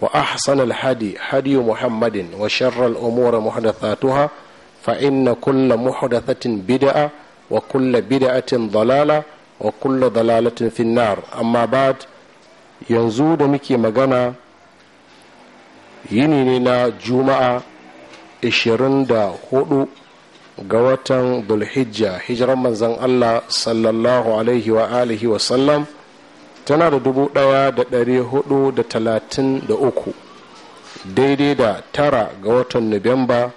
وأحسن الحدي حدي محمد وشر الأمور محدثاتها فإن كل محدثة بدعة وكل بدعة ضلالة وكل ضلالة في النار أما بعد yanzu da muke magana yini ne na juma'a 24 ga watan dulhijja hijiran manzan allah sallallahu alaihi wa alihi wasallam tana da dubu ɗaya da ɗari hudu da talatin da uku daidai da tara ga watan nuwamba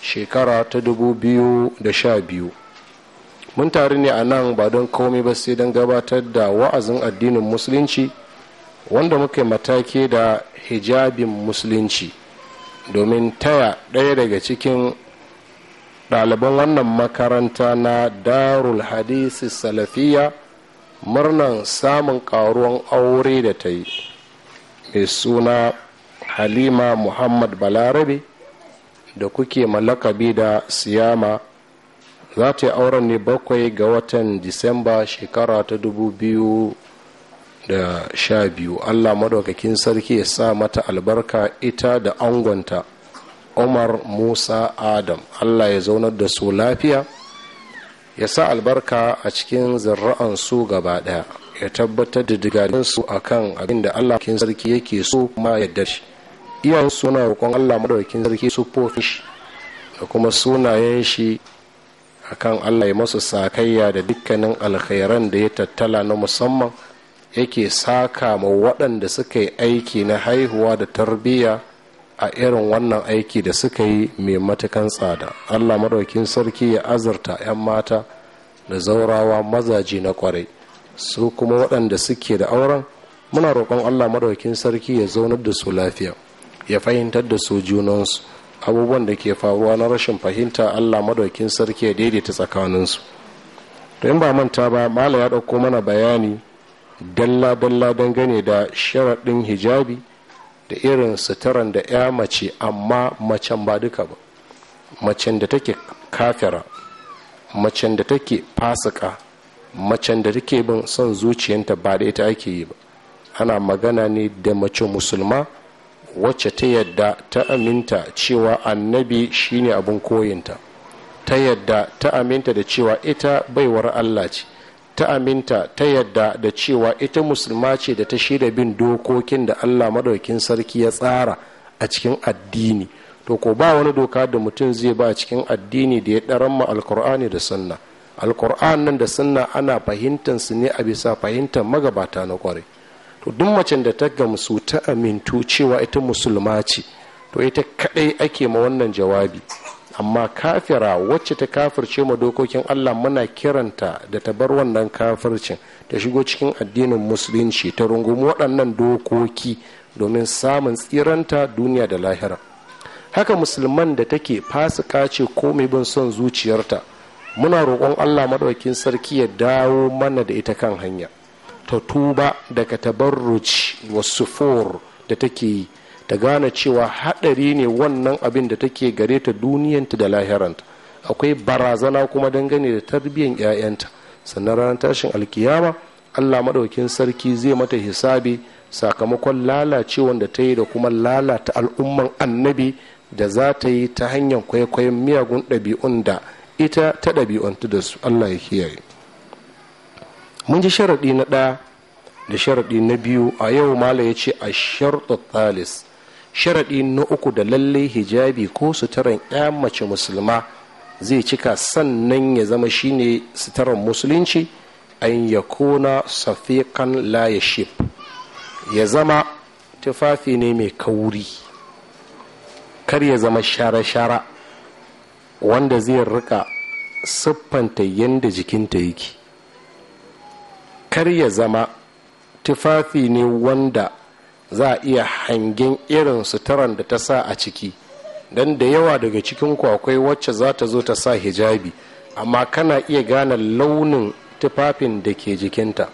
shekara ta dubu biyu da sha biyu mun taru ne a nan ba don komai ba sai don gabatar da wa'azin addinin musulunci wanda muka matake da hijabin musulunci domin taya ɗaya daga cikin ɗaliban wannan makaranta na darul hadisi salafiya murnan samun karuwan aure da ta yi mai suna halima muhammad balarabe da kuke malakabi da siyama za ta yi auren ne bakwai ga watan disamba shekara ta dubu biyu da biyu allah madaukakin sarki ya sa mata albarka ita da angonta umar musa adam allah ya zaunar da su lafiya ya sa albarka a cikin su gaba daya ya tabbatar da digarinsu a kan abin da allah kin sarki yake so ma yadda shi iyayen suna roƙon allah madaukin sarki su fofin shi da kuma sunayen shi kan Allah ya masu sakayya da dukkanin alkhairan da ya tattala na musamman yake saka ma waɗanda suka yi aiki na haihuwa da tarbiyya a irin wannan aiki da suka yi mai matukan tsada allah maɗaukin sarki ya azarta 'yan mata da zaurawa mazaji na kwarai su kuma waɗanda suke da auren muna roƙon allah maɗaukin sarki ya zaunar da su lafiya ya fahimtar da su junansu abubuwan da ke faruwa na rashin fahimta allah maɗaukin sarki ya daidaita tsakaninsu to in ba manta ba mala ya ɗauko mana bayani dalla-dalla dangane da sharaɗin hijabi da irin suturan da ya mace amma macen ba duka ba macen da take kafira macen da take fasika macen da take bin son zuciyanta ba da ita ake yi ba ana magana ne da mace musulma wacce ta yadda ta aminta cewa annabi shine abin koyinta ta yadda ta aminta da cewa ita baiwar allah ce ta aminta ta yadda da cewa ita musulma ce da ta shirya bin dokokin da allah maɗaukin sarki ya tsara a cikin addini to ko ba wani doka da mutum zai ba a cikin addini da ya ɗaran ma alkur'ani da sunna alkur'an nan da sunna ana fahimtar su ne a bisa fahimtar magabata na kwarai to duk macen da ta gamsu ta amintu cewa ita musulma ce to ita kaɗai ake ma wannan jawabi amma kafira wacce ta kafirce ma dokokin Allah muna kiranta da ta bar wannan kafircin ta shigo cikin addinin musulunci ta rungumi waɗannan dokoki domin samun tsiranta duniya da lahira haka musulman da take fasika ce ko mai bin son zuciyarta muna roƙon Allah maɗaukin sarki ya dawo mana da ita kan hanya ta tuba daga tabarruci wasu da take yi ta gane cewa haɗari ne wannan abin da take gare ta duniyanta da lahiranta akwai barazana kuma dangane da tarbiyyar 'ya'yanta sannan ranar tashin alkiyama allah maɗaukin sarki zai mata hisabi sakamakon lalacewan da ta yi da kuma lalata al'umman annabi da za ta yi ta hanyar kwaikwayon miyagun ɗabi'un da ita ta ɗabi'untu da su allah ya kiyaye mun ji sharaɗi na ɗaya da sharaɗi na biyu a yau mala ya ce a sharɗa thalis sharaɗi na uku da lallai hijabi ko suturan ya mace musulma zai cika sannan ya zama shine suturan musulunci an ya kona safiƙan layashif ya zama tufafi ne mai kauri kar ya zama shara-shara wanda zai rika siffanta yadda jikinta yake kar ya zama tufafi ne wanda za a iya hangen irin suturan da ta sa a ciki don da yawa daga cikin kwakwai wacce za ta zo ta sa hijabi amma kana iya gane launin tufafin da ke jikinta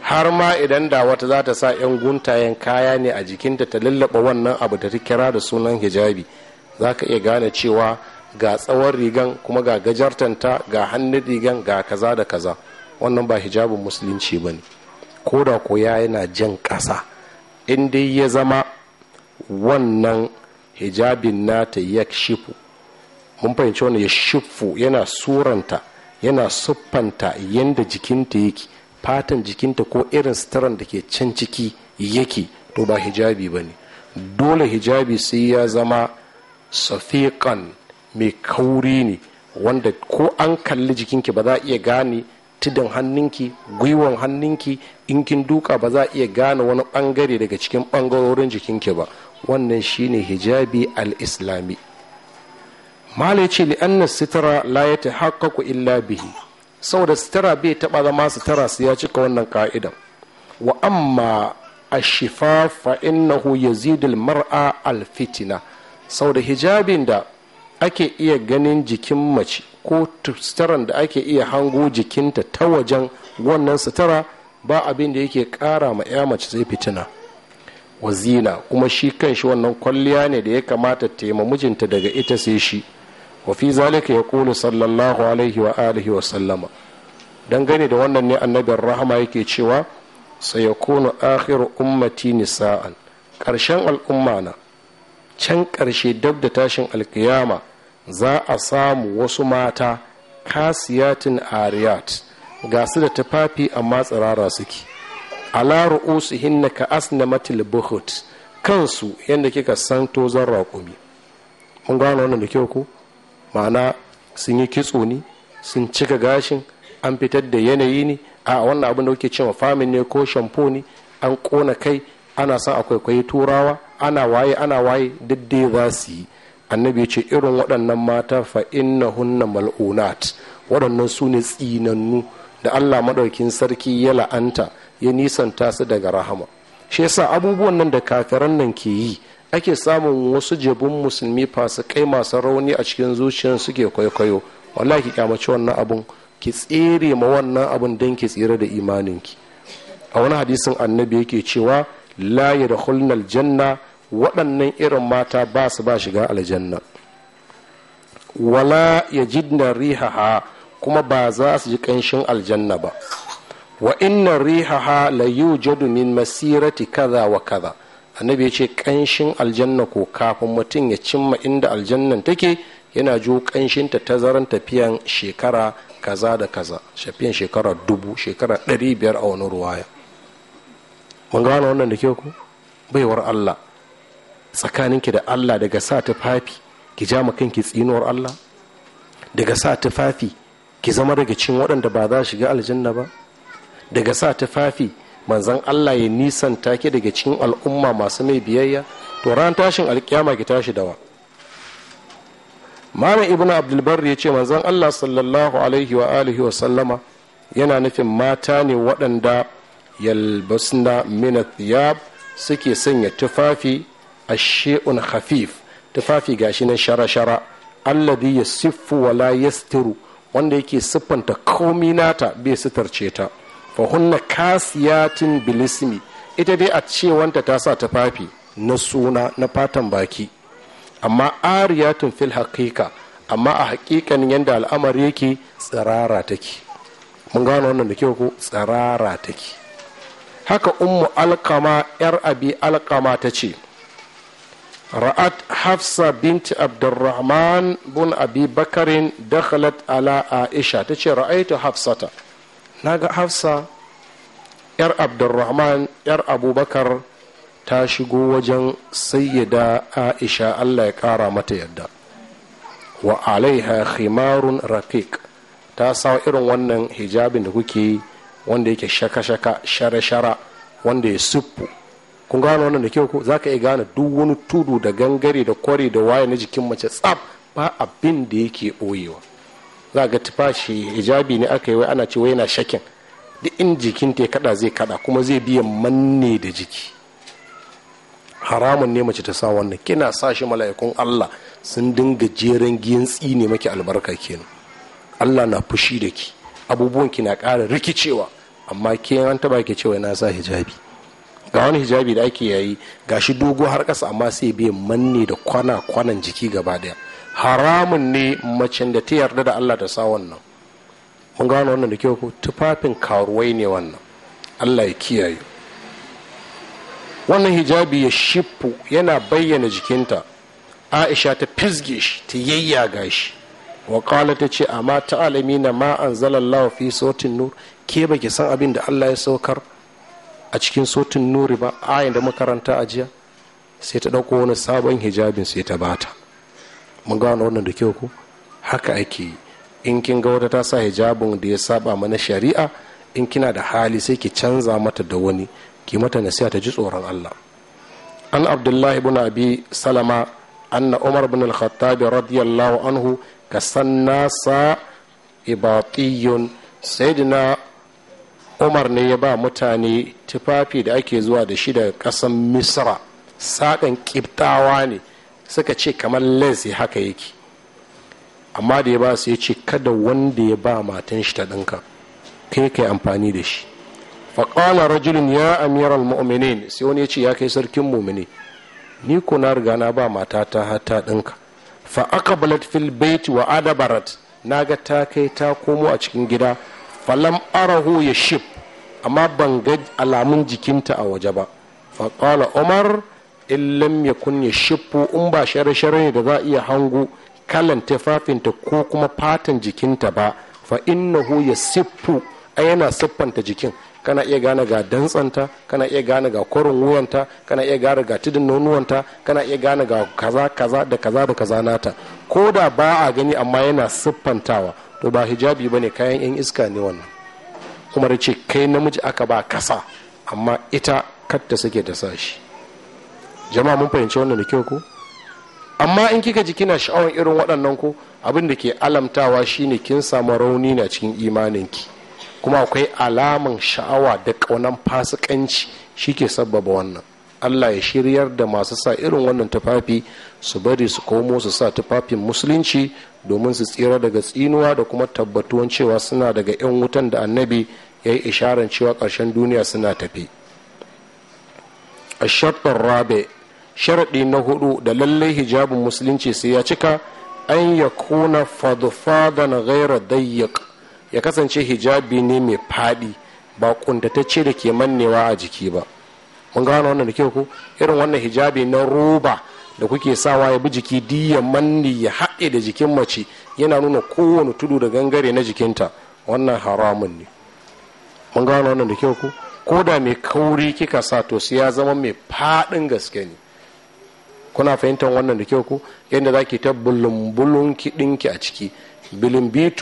har ma idan da wata za ta sa 'yan guntayen kaya ne a jikinta ta lallaba wannan abu da ta kira da sunan hijabi za ka iya gane cewa ga tsawon rigan kuma ga gajartanta ga hannun rigan ga kaza da kaza wannan ba hijabin musulunci ba ne ko da ko yana jan ƙasa in dai ya zama wannan hijabin nata ya shifu mun fahimci wannan ya shifu yana suranta yana siffanta yadda jikinta yake fatan jikinta ko irin sitaran da ke can ciki yake to ba hijabi ba ne dole hijabi sai ya zama safiƙan mai kauri ne wanda ko an kalli jikinki ba za a iya gane tudun hannunki gwiwan hannunki in kin duka ba za a iya gane wani bangare daga cikin bangarorin jikinki ba wannan shine hijabi al-islami mala ce li'anna sitara la ya ku illa bihi saboda sitara bai taba zama sitara su ya cika wannan ka'idan wa amma ashifa fa innahu yazidul mar'a al-fitina saboda hijabin da ake iya ganin jikin mace ko sutaran da ake iya hango jikinta ta wajen wannan sutara ba abin da yake ƙara ma 'ya mace zai fitina wazina kuma shi kan shi wannan kwalliya ne da ya kamata ta mijinta daga ita sai shi wa fi zalika ya kulu sallallahu alaihi wa alihi wa sallama dangane da wannan ne annabin rahama yake cewa sayakunu akhiru ummati nisa'an ƙarshen al'umma na can ƙarshe dab da tashin alkiyama za a samu wasu mata kasiyatin ariyat ga su da tufafi amma tsirara suke ala hinna ka matil buhut kansu yadda kika san tozon raƙumi mun gano wannan da kyau ko ma'ana sun yi kitso ne sun cika gashin an fitar da yanayi ne a wannan abin da kuke cewa famin ne ko shampo ne an kona kai ana san akwai kwaye turawa ana waye ana waye duk za su yi annabi ya ce irin waɗannan mata fa inna hunna mal'unat waɗannan su ne tsinannu da allah maɗaukin sarki ya la'anta ya nisanta su daga rahama shi yasa abubuwan nan da kakaran nan ke yi ake samun wasu jabun musulmi kai masu rauni a cikin zuciyar suke kwaikwayo wallahi ki kyamaci wannan abun ki tsere ma wannan abun don ki tsira da imaninki a wani hadisin annabi yake cewa layi da hulnar janna waɗannan irin mata ba su ba shiga aljanna wala ya yajidna rihaha kuma ba za su ji ƙanshin aljanna ba wa inna rihaha la yujadu min masirati kaza wa kaza annabi ya ce ƙanshin aljanna ko kafin mutum ya cimma inda aljannan take yana jo ta tazaran tafiyan shekara kaza da kaza shafiyan shekara dubu shekara ɗari biyar a wani ruwaya mun wani wannan da ke ku baiwar allah tsakaninki da allah daga sa tufafi ki ja kanki tsinuwar allah daga sa tufafi ki zama daga cikin waɗanda ba za shiga aljanna ba daga sa tufafi manzan allah ya nisanta ki daga cikin al'umma masu mai biyayya to ran tashin alkiyama ki tashi dawa malam ibnu abdulbar ya ce manzon allah sallallahu alaihi wa alihi wa sallama yana nufin mata ne waɗanda yalbasna min thiyab suke sanya tufafi ashe'un khafif tufafi gashi nan shara-shara alladhi yasiffu wa la yastiru wanda yake siffanta komi nata bai sitarce ta fa hunna kasiyatin bilismi ita dai a cewanta ta sa tufafi na suna na fatan baki amma ariyatun fil haqiqa amma a haƙiƙan yadda al'amari yake tsirara take mun gano wannan da kyau ko tsirara take haka ummu alkama yar abi alkama ta ce ra'at hafsa binti abdurrahman bun abi bakarin dakhalat ala aisha ta ce ra'aitu hafsata ga hafsa yar abdurrahman yar abubakar ta shigo wajen sayyida aisha allah ya kara mata yadda wa alaiha khimarun Rafik ta sa irin wannan hijabin da kuke wanda yake shaka-shaka shara-shara wanda ya suffu kun gane wannan da kyau ko za ka iya gane duk wani tudu da gangare da kwari da waya na jikin mace tsaf ba abin da yake ɓoyewa za ga tufashi hijabi ne aka yi wai ana ce wai yana shakin duk in jikin ta kada zai kada kuma zai biya manne da jiki haramun ne mace ta sa wannan kina sa shi mala'ikun Allah sun dinga jeren giyan ne maki albarka kenan Allah na fushi da ki abubuwan ki na ƙara rikicewa amma ke an taba ke cewa na sa hijabi ga wani hijabi da ake yayi gashi dogo har kasa amma sai biya manne da kwana kwanan jiki gaba daya haramun ne macen da ta yarda da Allah ta sa wannan mun gano wannan da kyau tufafin karuwai ne wannan Allah ya kiyaye wannan hijabi ya shifu yana bayyana jikinta aisha ta fizge shi ta yayyaga shi wa ta ce amma ta alami na ma an zalallahu fi sotin nur ke ba ki san abin da Allah ya saukar a cikin sotin nuri ba ayin da makaranta a jiya sai ta ɗauko wani sabon hijabin sai ta bata mun gano wannan da kyau ku haka ake yi in kin ga wata ta sa hijabin da ya saba mana shari'a in kina da hali sai ki canza mata da wani ki mata nasiha ta ji tsoron Allah an abdullahi ibn abi salama anna umar ibn al-khattab radiyallahu anhu kasanna nasa ibatiyun sayyidina umar ne ya ba mutane tufafi da ake zuwa da shi daga ƙasan misra saƙan ƙiftawa ne suka ce kamar lensi haka yake amma da ya ba su ya ce kada wanda ya ba matan shi ta ɗinka kai kai amfani da shi faƙala rajulun ya amiral mu'minin sai wani ya ce ya kai sarkin mu'mini ni ko na riga na ba mata ta hata ɗinka fa aqbalat fil bait wa adabarat ga ta kai ta komo a cikin gida falam arahu ya shif amma ban ga alamun jikinta a waje ba faƙala umar in lam yakun ya shifu in ba share-share ne da za a iya hangu kalan tufafinta ko kuma fatan jikinta ba fa innahu ya siffu a yana siffanta jikin kana iya gane ga dantsanta kana iya gane ga korin wuyanta kana iya gane ga tudun nonuwanta kana iya gane ga kaza kaza da kaza da kaza nata ko da ba a gani amma yana siffantawa to ba hijabi ba ne kayan 'yan iska ne wannan kuma da ce kai namiji aka ba kasa amma ita katta suke da sashi jama'a mun fahimci wannan da kyau ko amma in kika ji kina sha'awar irin waɗannan ko abin da ke alamtawa shine kin samu rauni na cikin imaninki kuma akwai alaman sha'awa da ƙaunan fasikanci shi ke sabbaba wannan allah ya shiryar da masu sa irin wannan tufafi su bari su komo su sa tufafin musulunci domin su tsira daga tsinuwa da kuma tabbatuwan cewa suna daga 'yan wutan da annabi ya yi isharar cewa ƙarshen duniya suna tafi a shartar rabe sharaɗi na hudu da lallai hijabin musulunci sai ya cika an ya kuna na gaira dayyak ya kasance hijabi ne mai faɗi ba kuntatacce da ke mannewa a jiki ba mun gane wannan da kyau ko irin wannan hijabi na roba da kuke sawa ya bi jiki diya manni ya haɗe da jikin mace yana nuna kowane tudu da gangare na jikinta wannan haramun ne mun gano wannan da kyau ku ko da mai kauri kika sa to su ya zama mai faɗin gaske ne kuna fahimtar wannan da kyau ku yadda za ki ta bulumbulun ɗinki a ciki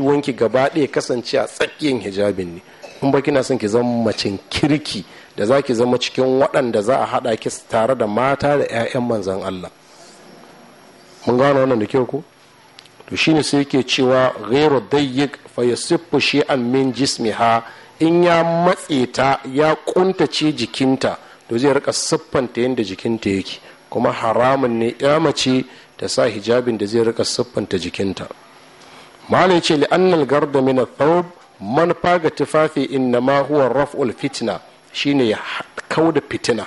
wanki gaba ɗaya kasance a tsakiyar hijabin ne in ba kina son ki zama macin kirki da za ki zama cikin waɗanda za a haɗa ki tare da mata da 'ya'yan manzan Allah mun gano wannan da kyau ko to shine sai yake cewa ghairu dayyiq fa yasiffu shay'an min jismiha in ya matse ta ya kuntace jikinta to zai rika siffanta yadda jikinta yake kuma haramun ne ya mace ta sa hijabin da zai rika siffanta jikinta malai ce annal garda min thawb man faga tufafi inna ma huwa raf'ul fitna shine ya kauda fitina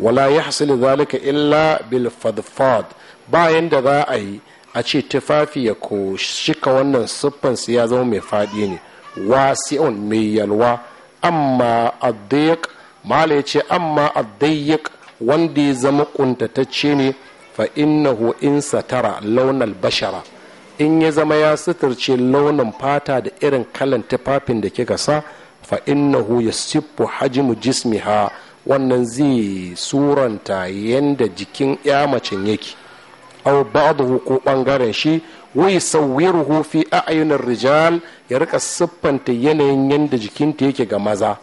wala yahsul zalika illa bil fadfad bayan da za a yi a ce tufafi ya ko shika wannan su ya zama mai faɗi ne wasi'un mai yalwa amma addayak mala ya ce amma addayak wanda ya zama kuntatacce ne fa innahu in satara launar bashara in ya zama ya suturce launin fata da irin kalan tufafin da kika sa fa innahu ya siffu hajimu jismiha wannan zai suranta yadda jikin ya macen yake aw ba'dahu ko bangaren shi wa yusawwiruhu fi a'yunar rijal ya rika siffanta yanayin yanda jikinta yake ga maza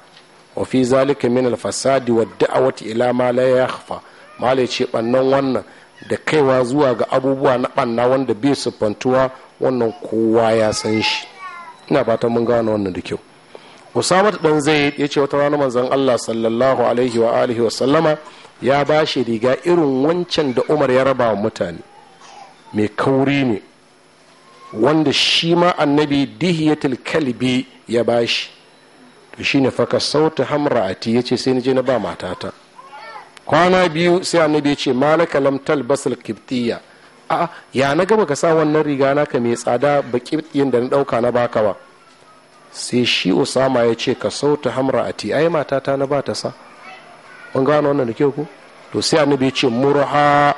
wa fi zalika min al-fasadi wa da'wati ila ma la yakhfa malai ce bannan wannan da kaiwa zuwa ga abubuwa na banna wanda bai siffantuwa wannan kowa ya san shi ina fata mun gane wannan da kyau usama dan zaid ya ce wata rana manzon Allah sallallahu alaihi wa alihi wa sallama ya bashi riga irin wancan da Umar ya raba wa mutane mai kauri ne wanda shi ma annabi dihiyatul kalbi ya bashi to shine faka sauta ya yace sai je na ba matata kwana biyu sai annabi ya ce malaka lam talbasul kibtiya a ya na gaba ka sa wannan riga na ka mai tsada ba kibtiyan da na dauka na baka ba sai shi usama ya ce ka sauta ti ai matata na ba ta sa kun gano wannan da kyau ko to sai annabi ya ce murha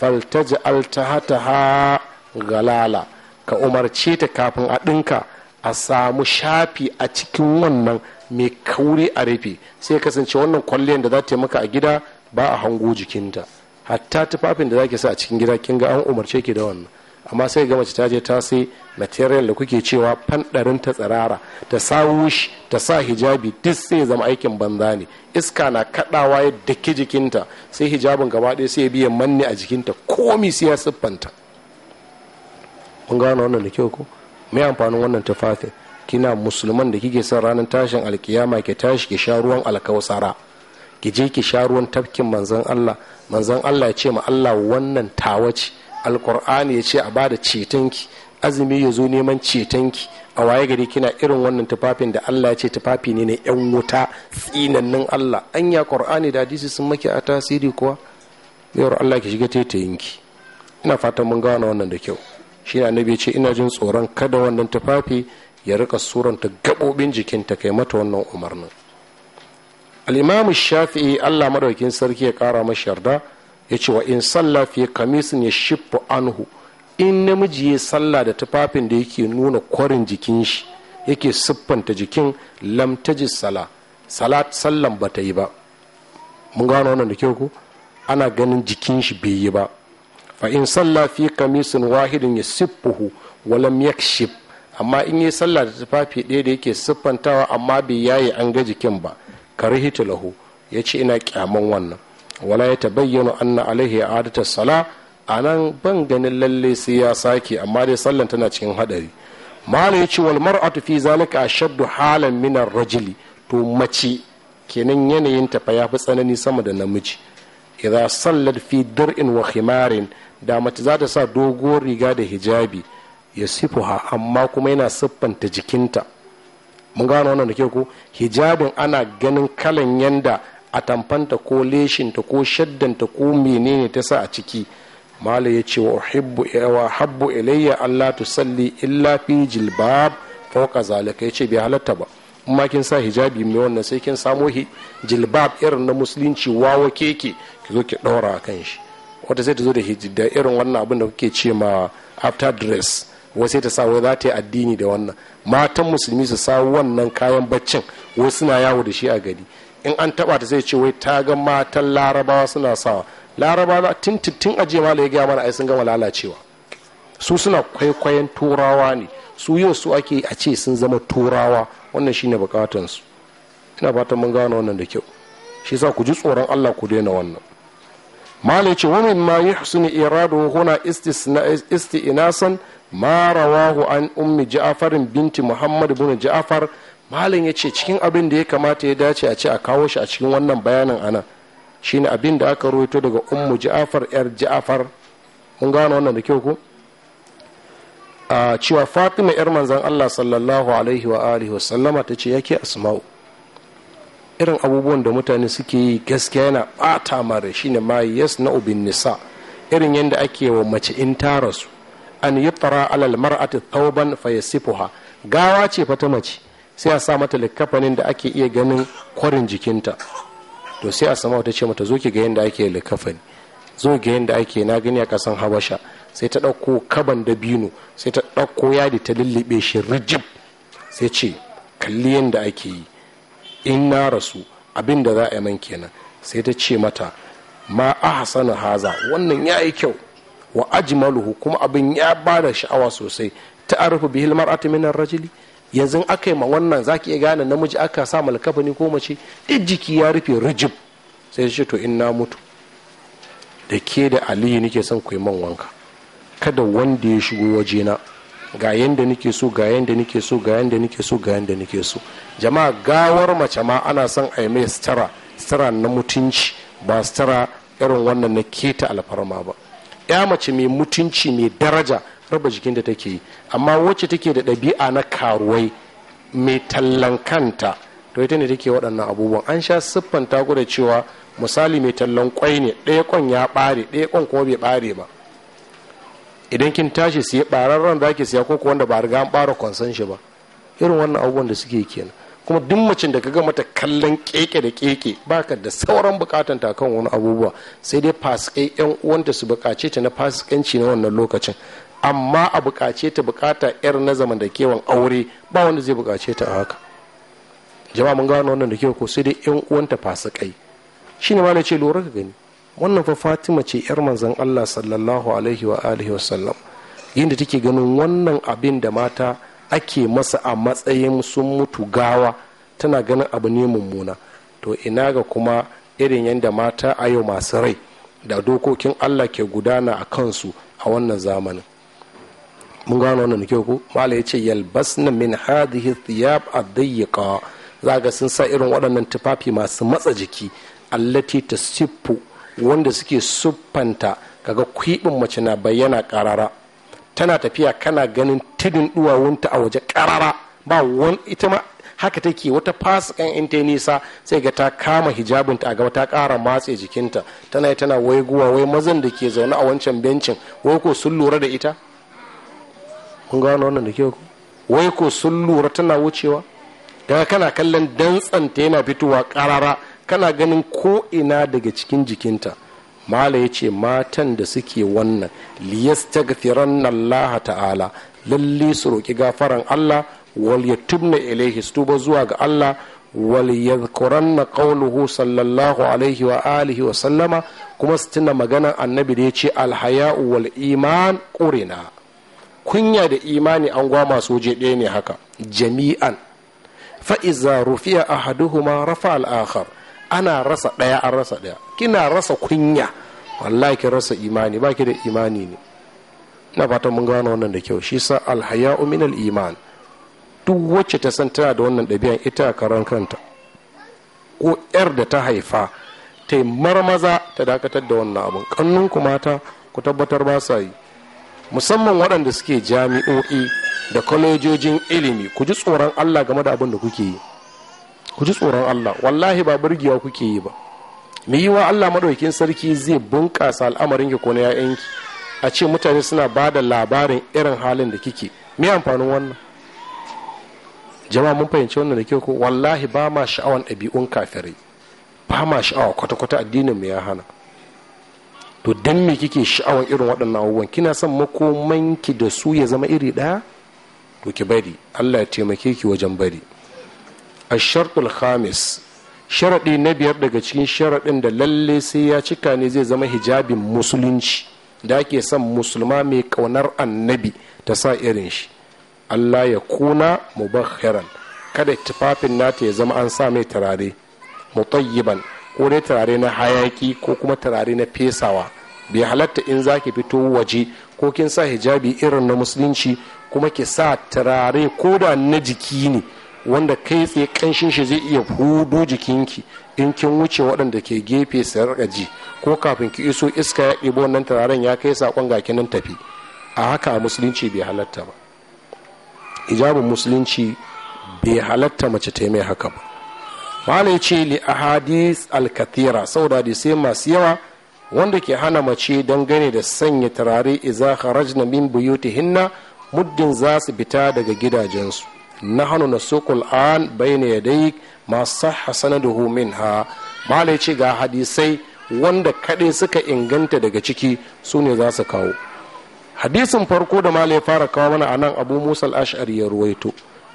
faltaji altahataha galala ka umarce ta kafin a ɗinka a samu shafi a cikin wannan mai kauri a rufe sai kasance wannan kwalliyar da za ta maka a gida ba a hango jikinta hatta tufafin da za ki sa a cikin gida kin ga an umarce ki da wannan amma sai ga mace ta je ta sai material da kuke cewa fanɗarin ta tsirara ta sa wushi ta sa hijabi duk sai zama aikin banza ne iska na kaɗawa ya daki jikinta sai hijabin gaba ɗaya sai ya biya manne a jikinta komi sai ya siffanta mun gano wannan da kyau ko me amfanin wannan tufafi kina musulman da kike son ranar tashin alkiyama ki tashi ki sha ruwan alkausara ki je ki sha ruwan tafkin manzon Allah manzon Allah ya ce ma Allah wannan tawaci alkur'ani ya ce a bada cetonki azumi ya zo neman cetonki a waye gari kina irin wannan tufafin da Allah ya ce tufafi ne na yan wuta tsinannin Allah anya qur'ani da hadisi sun maki a tasiri kuwa yawar Allah ki shiga taitayinki ina fatan mun gane wannan da kyau shi ne annabi ce ina jin tsoron kada wannan tufafi ya rika suranta gabobin jikinta kai mata wannan umarnin al shafi'i Allah madaukin sarki ya kara mashi yarda ce wa in salla fi kamisin shifu anhu in namiji ya sallah da tufafin da yake nuna kwarin jikin shi yake siffanta jikin lamtaji sala salat sallan ta yi ba mun gano wannan da kyau ku ana ganin jikin shi bai yi ba fa in sallah fi kamisin wahidin ya siffuhu walam yakshif amma in yi sallah da tufafi ɗaya da yake siffantawa amma bai yaye an ga jikin ba karihitu lahu yace ina kyaman wannan wala ya tabayyana anna alaihi adatu salah a nan ban ganin lalle sai ya sake amma dai sallan tana cikin hadari mana ya ce walmar a tafi zalika shaddu halan minar rajili to mace kenan yanayin ta fa yafi tsanani sama da namiji idan sallar fi dar'in wa himarin da mace za ta sa doguwar riga da hijabi ya sifuha amma kuma yana siffanta jikinta mun gano wannan da ke ko hijabin ana ganin kalan yanda a tamfanta ko leshinta ko shaddanta ko menene ta sa a ciki malam ya ce wa habbu habbu ilayya Allah salli illa fi jilbab fawqa zalika ya ce bai halatta ba in ma kin sa hijabi mai wannan sai kin samo jilbab irin na musulunci wawa keke ki zo ki daura kan shi wata sai ta zo da da irin wannan abin da kuke ce ma after dress wai sai ta sa wai za ta yi addini da wannan matan musulmi su sa wannan kayan baccin wai suna yawo da shi a gari in an taba ta sai ce wai ta ga matan larabawa suna sawa laraba na tun ajiye ma ya gaya mana ai sun gama lalacewa su suna kwaikwayon turawa ne su yau su ake a ce sun zama turawa wannan shine su ina fatan mun gane wannan da kyau shi yasa ku ji tsoron Allah ku daina wannan malai ce wani ma yi husni iradu huna isti'inasan ma rawahu an ummi ja'afarin binti muhammad bin ja'afar malin ya ce cikin abin da ya kamata ya dace a ce a kawo shi a cikin wannan bayanin anan shine abin da aka ruwaito daga ummu ja'afar yar ja'afar mun gano wannan da kyau ku a cewa fatima yar manzan allah sallallahu alaihi wa alihi wasallama ta ce yake asma'u irin abubuwan da mutane suke yi gaskiya yana bata mara shine ma yas na ubin nisa irin yadda ake wa mace in ta rasu an yi tara alal mar'ati tauban fa yasifuha gawa ce fa ta mace sai a sa mata likkafanin da ake iya ganin kwarin jikinta to sai asma'u ta ce mata zo ki ga yadda ake likafani zo ga yadda ake na gani a kasan habasha sai ta ɗauko kaban dabino sai ta ɗauko yadi ta lullube shi rijib sai ce kalli yadda ake yi in na rasu abin da za a yi man kenan sai ta ce mata ma ahsanu haza wannan ya yi kyau wa ajmaluhu kuma abin ya bada sha'awa sosai ta arufu bihil mar'atu minar rajuli yanzu aka yi ma wannan zaki iya gane namiji aka sa malkafa ko mace duk jiki ya rufe rijib sai shi to in na mutu da ke da aliyu nake son ku yi man wanka kada wanda ya shigo wajena ga yanda nake so ga yanda nake so ga yanda nake so ga yanda nake so jama'a gawar mace ma ana son a yi mai sitara sitara na mutunci ba sitara irin wannan na keta alfarma ba ya mace mai mutunci mai daraja raba jikin da take yi amma wacce take da ɗabi'a na karuwai mai tallan kanta to ita ne take waɗannan abubuwan an sha siffanta ku da cewa misali mai tallan kwai ne ɗaya kwan ya ɓare ɗaya kwan kuma bai ɓare ba idan kin tashi siye ɓararren da ake siya ko wanda ba riga an ɓara kwansan shi ba irin wannan abubuwan da suke kenan kuma duk macin da ka ga mata kallon keke da keke baka da sauran bukatan ta kan wani abubuwa sai dai fasikai yan uwanta su bukace ta na fasikanci na wannan lokacin amma a bukace ta bukata yar na zaman da kewan aure ba wanda zai bukace ta a haka jama'a mun gano wannan da kewa ko sai dai yan uwanta fasikai shi ne ce lura ka gani wannan fa Fatima ce yar manzon Allah sallallahu alaihi wa alihi wasallam yadda take ganin wannan abin da mata ake masa a matsayin sun mutu gawa tana ganin abu ne mummuna to ina ga kuma irin yadda mata a yau masu rai da dokokin Allah ke gudana a kansu a wannan zamanin mun gano wannan kyau ko mala ya ce yalbasna min hadhihi thiyab adayqa za ga sun sa irin waɗannan tufafi masu matsa jiki allati tasiffu wanda suke suffanta kaga kwibin mace na bayyana karara tana tafiya kana ganin tudun duwawunta a waje karara ba wani ita ma haka take wata fasikan in ta nisa sai ga ta kama hijabinta a gaba ta kara matse jikinta tana yi tana waiguwa wai mazan da ke zaune a wancan bencin wai ko sun lura da ita kun gano wannan da kyau wai ko sun lura tana wucewa daga kana kallon dantsanta yana fitowa karara kana ganin ko ina daga cikin jikinta mala ya ce matan da suke wannan liyas ta liyastaghfiran Allah ta'ala lalle su roƙi gafaran Allah wal tubna ilaihi su tuba zuwa ga Allah wal ya na qawluhu sallallahu alaihi wa alihi wa sallama kuma su tuna maganan annabi da ya ce alhaya'u wal iman ƙurina. kunya da imani an gwama su ɗaya ne haka jami'an fa'iza rufiya huma rafa al'akhar ana rasa ɗaya an rasa ɗaya kina rasa kunya wallahi ki rasa imani ba ki da imani ne ina fatan mun gano wannan da kyau shi sa alhaya min iman duk wacce ta san tana da wannan ɗabi'an ita karan kanta ko yar da ta haifa ta yi marmaza ta dakatar da wannan abun kannun ku mata ku tabbatar ba sa yi musamman waɗanda suke jami'o'i da kwalejojin ilimi ku ji tsoron allah game da abin da kuke yi ku ji tsoron allah wallahi ba burgewa kuke yi ba mu yi wa allah maɗaukin sarki zai bunƙasa al'amarin ki ko na 'ya'yanki a ce mutane suna ba da labarin irin halin da kike me amfanin wannan jama'a mun fahimci wannan da kyau ko wallahi ba ma sha'awan ɗabi'un kafirai ba ma sha'awa kwata-kwata addinin mu ya hana to dan me kike sha'awar irin waɗannan abubuwan kina son makomanki da su ya zama iri ɗaya to ki bari Allah ya taimake ki wajen bari ashartul khamis sharaɗi na biyar daga cikin sharaɗin da lalle sai ya cika ne zai zama hijabin musulunci da ake son musulma mai ƙaunar annabi ta sa irin shi Allah ya kuna mubakhiran kada tufafin nata ya zama an sa mai turare mutayyiban ko dai turare na hayaki ko kuma turare na fesawa bai halatta in za ki fito waje ko kin sa hijabi irin na musulunci kuma ki sa turare ko da na jiki ne wanda kai tsaye kanshin shi zai iya hudo jikinki in kin wuce waɗanda ke gefe sarƙa ji ko kafin ki iso iska ya ɗibo wannan turaren ya kai saƙon ga nan tafi a haka musulunci bai halatta ba hijabin musulunci bai halatta mace ta mai haka ba malai ce li ahadis alkathira saboda hadisai masu yawa wanda ke hana mace dangane da sanya turare iza kharajna min hinna muddin za su fita daga gidajensu na nahnu sokul an dai masu ma da homin ha malai ce ga hadisai wanda kaɗai suka inganta daga ciki su ne za su kawo hadisin farko da malai ya fara kawo mana a nan abu musa al-ash'ari ya ruwaito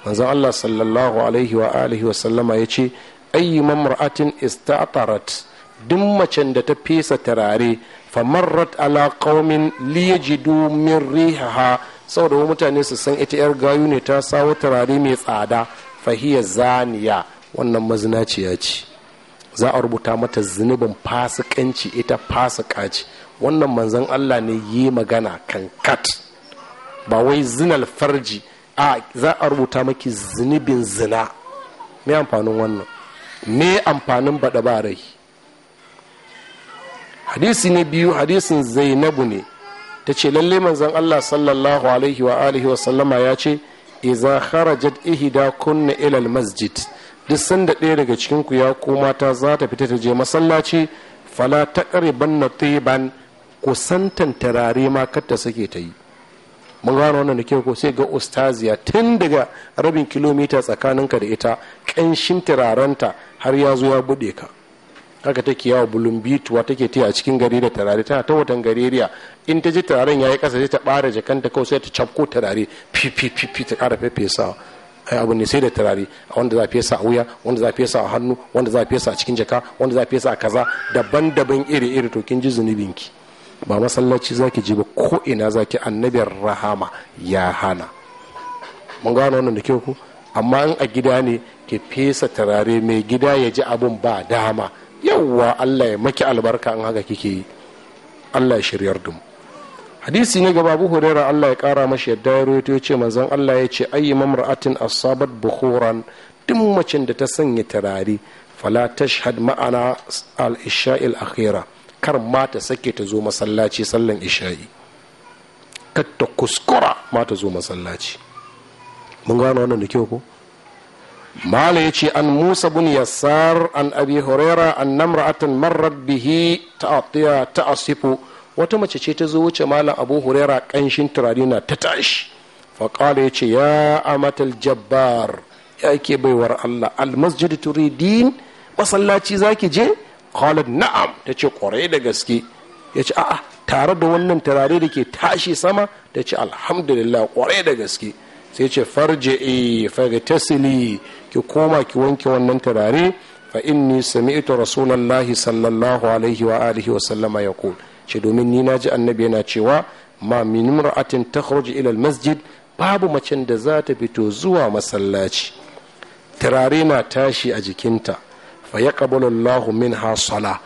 manzan Allah sallallahu alaihi wa alihi wa sallama ya ce ayi mamra'atin istatarat duk macen da ta fesa turare famarrat ala qaumin liyajidu min rihaha saboda mutane su san ita yar gayu ne ta sawo turare mai tsada fahiya zaniya wannan mazinaciya ce za a rubuta mata zunubin fasikanci ita fasika ce wannan manzon Allah ne yi magana kankat ba wai zinal farji a za a rubuta maki zunubin zina mai amfanin wannan me amfanin baɗa ba rai hadisi ne biyu hadisin zainabu ne ta ce lalle manzon allah sallallahu alaihi wa alihi wa sallama ya ce iza kharajat ihda kunna ilal masjid duk sanda ɗaya daga cikin ku ya koma ta za ta fita ta je masallaci fala ta ƙariban na teban kusantan tarare ma katta suke ta yi mun gano wannan nake kyau ko sai ga ustaziya tun daga rabin kilomita tsakaninka da ita ƙanshin turarenta har ya zo ya buɗe ka haka take yawa bulumbituwa take tiya a cikin gari da tarare tana ta watan gareriya in ta ji tararen yi kasa sai ta bara jakanta kawai sai ta cafko tarare fi ta kara fefesa a abu ne sai da tarare wanda za a fesa a wuya wanda za a fesa a hannu wanda za a fesa a cikin jaka wanda za a fesa a kaza daban-daban iri-iri to kin ji ki ba masallaci za ki ji ba ko ina za ki annabin rahama ya hana mun gano wannan da kyau ku amma in a gida ne ki fesa turare mai gida ya ji abin ba dama yawwa allah ya maki albarka an haka kike yi allah ya shiryar dum hadisi ne gaba abu hurera allah ya kara mashi yadda ya rute ya ce manzon allah ya ce ayi mamra'atin asabat bukhuran duk macin da ta sanya turare fala tashhad ma'ana al-isha'il akhira kar ma ta sake ta zo masallaci sallan isha'i kar ta kuskura ma zo masallaci mun gano wannan da kyau ko mala ya ce an musa bin yassar an abi horera an namra'atan marar bihi ta'atiya ta'asifu wata mace ce ta zo wuce malam abu huraira kanshin turare na ta tashi faƙala ya ce ya amatal jabbar ya ke baiwar allah almasjid turidin masallaci ki je Khalid na'am ta ce kwarai da gaske ya ce a'a tare da wannan turare da ke tashi sama ta ce alhamdulillah kwarai da gaske sai ce farje e fagatasili ki koma ki wanke wannan turare fa inni sami'tu rasulullahi sallallahu alaihi wa alihi wa sallama yaqul ce domin ni naji annabi yana cewa ma min imra'atin takhruju ila masjid babu macen da za ta fito zuwa masallaci turare na tashi a jikinta fa yaqbalu Allahu minha sala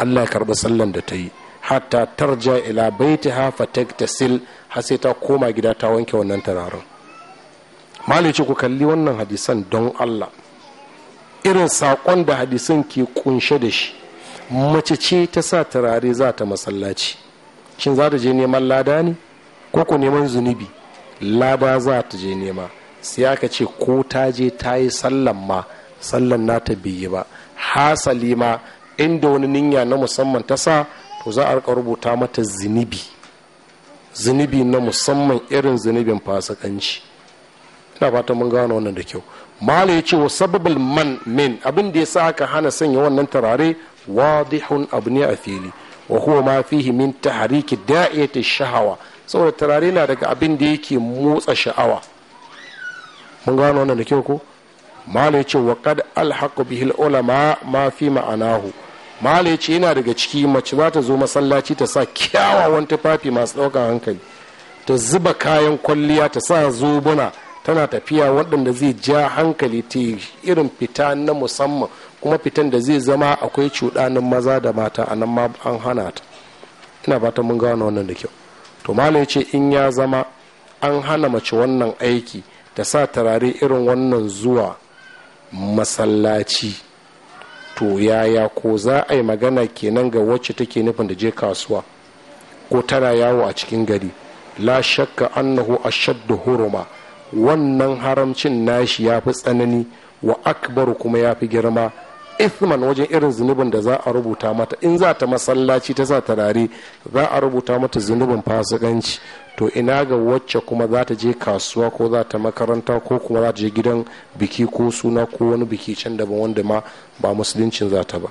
Allah karba sallan da ta yi hatta tarja ila baitiha fataktasil har sai ta koma gida ta wanke wannan turaren malice ku kalli wannan hadisan don allah irin saƙon da hadisan ke kunshe da shi mace ce ta sa turare za ta masallaci shin za ta je neman lada ne ko ku neman zunubi lada za ta je nema sai aka ce ko ta je ta yi sallan ma sallan nata ta yi ba hasali ma inda wani ninya na musamman ta sa to za a rubuta mata zunubi zunubi na musamman irin zunubin fasikanci ina ta mun gano wannan da kyau malu ya ce wa sababul man min abin da ya sa aka hana sanya wannan turare wadihun abu ne a fili wa huwa ma fihi min tahriki da'iyati shahawa saboda tarare na daga abin da yake motsa sha'awa mun gano wannan da kyau ko malu ya ce wa qad alhaqu bihil ulama ma fi ma'anahu malu ya ce yana daga ciki mace za ta zo masallaci ta sa kyawawan tufafi masu ɗaukar hankali ta zuba kayan kwalliya ta sa zubuna. tana tafiya waɗanda zai ja hankali ta irin fita na musamman kuma fitan da zai zama akwai cuɗanin maza da mata a nan ma an hana ta ina ba ta mun gane wannan da kyau to malam ya ce in ya zama an hana mace wannan aiki da sa turare irin wannan zuwa masallaci to yaya ko za a yi magana kenan ga wacce take nufin da je kasuwa ko tana yawo a cikin gari la shakka annahu ashaddu huruma wannan haramcin nashi ya fi tsanani wa akbar kuma ya fi girma ithman wajen irin zunubin da za a rubuta mata in za ta masallaci ta sa tarare za a rubuta mata zunubin fasikanci to ina ga wacce kuma za ta je kasuwa ko za ta makaranta ko kuma za ta je gidan biki ko suna ko wani biki can daban wanda ma ba musuluncin za ta ba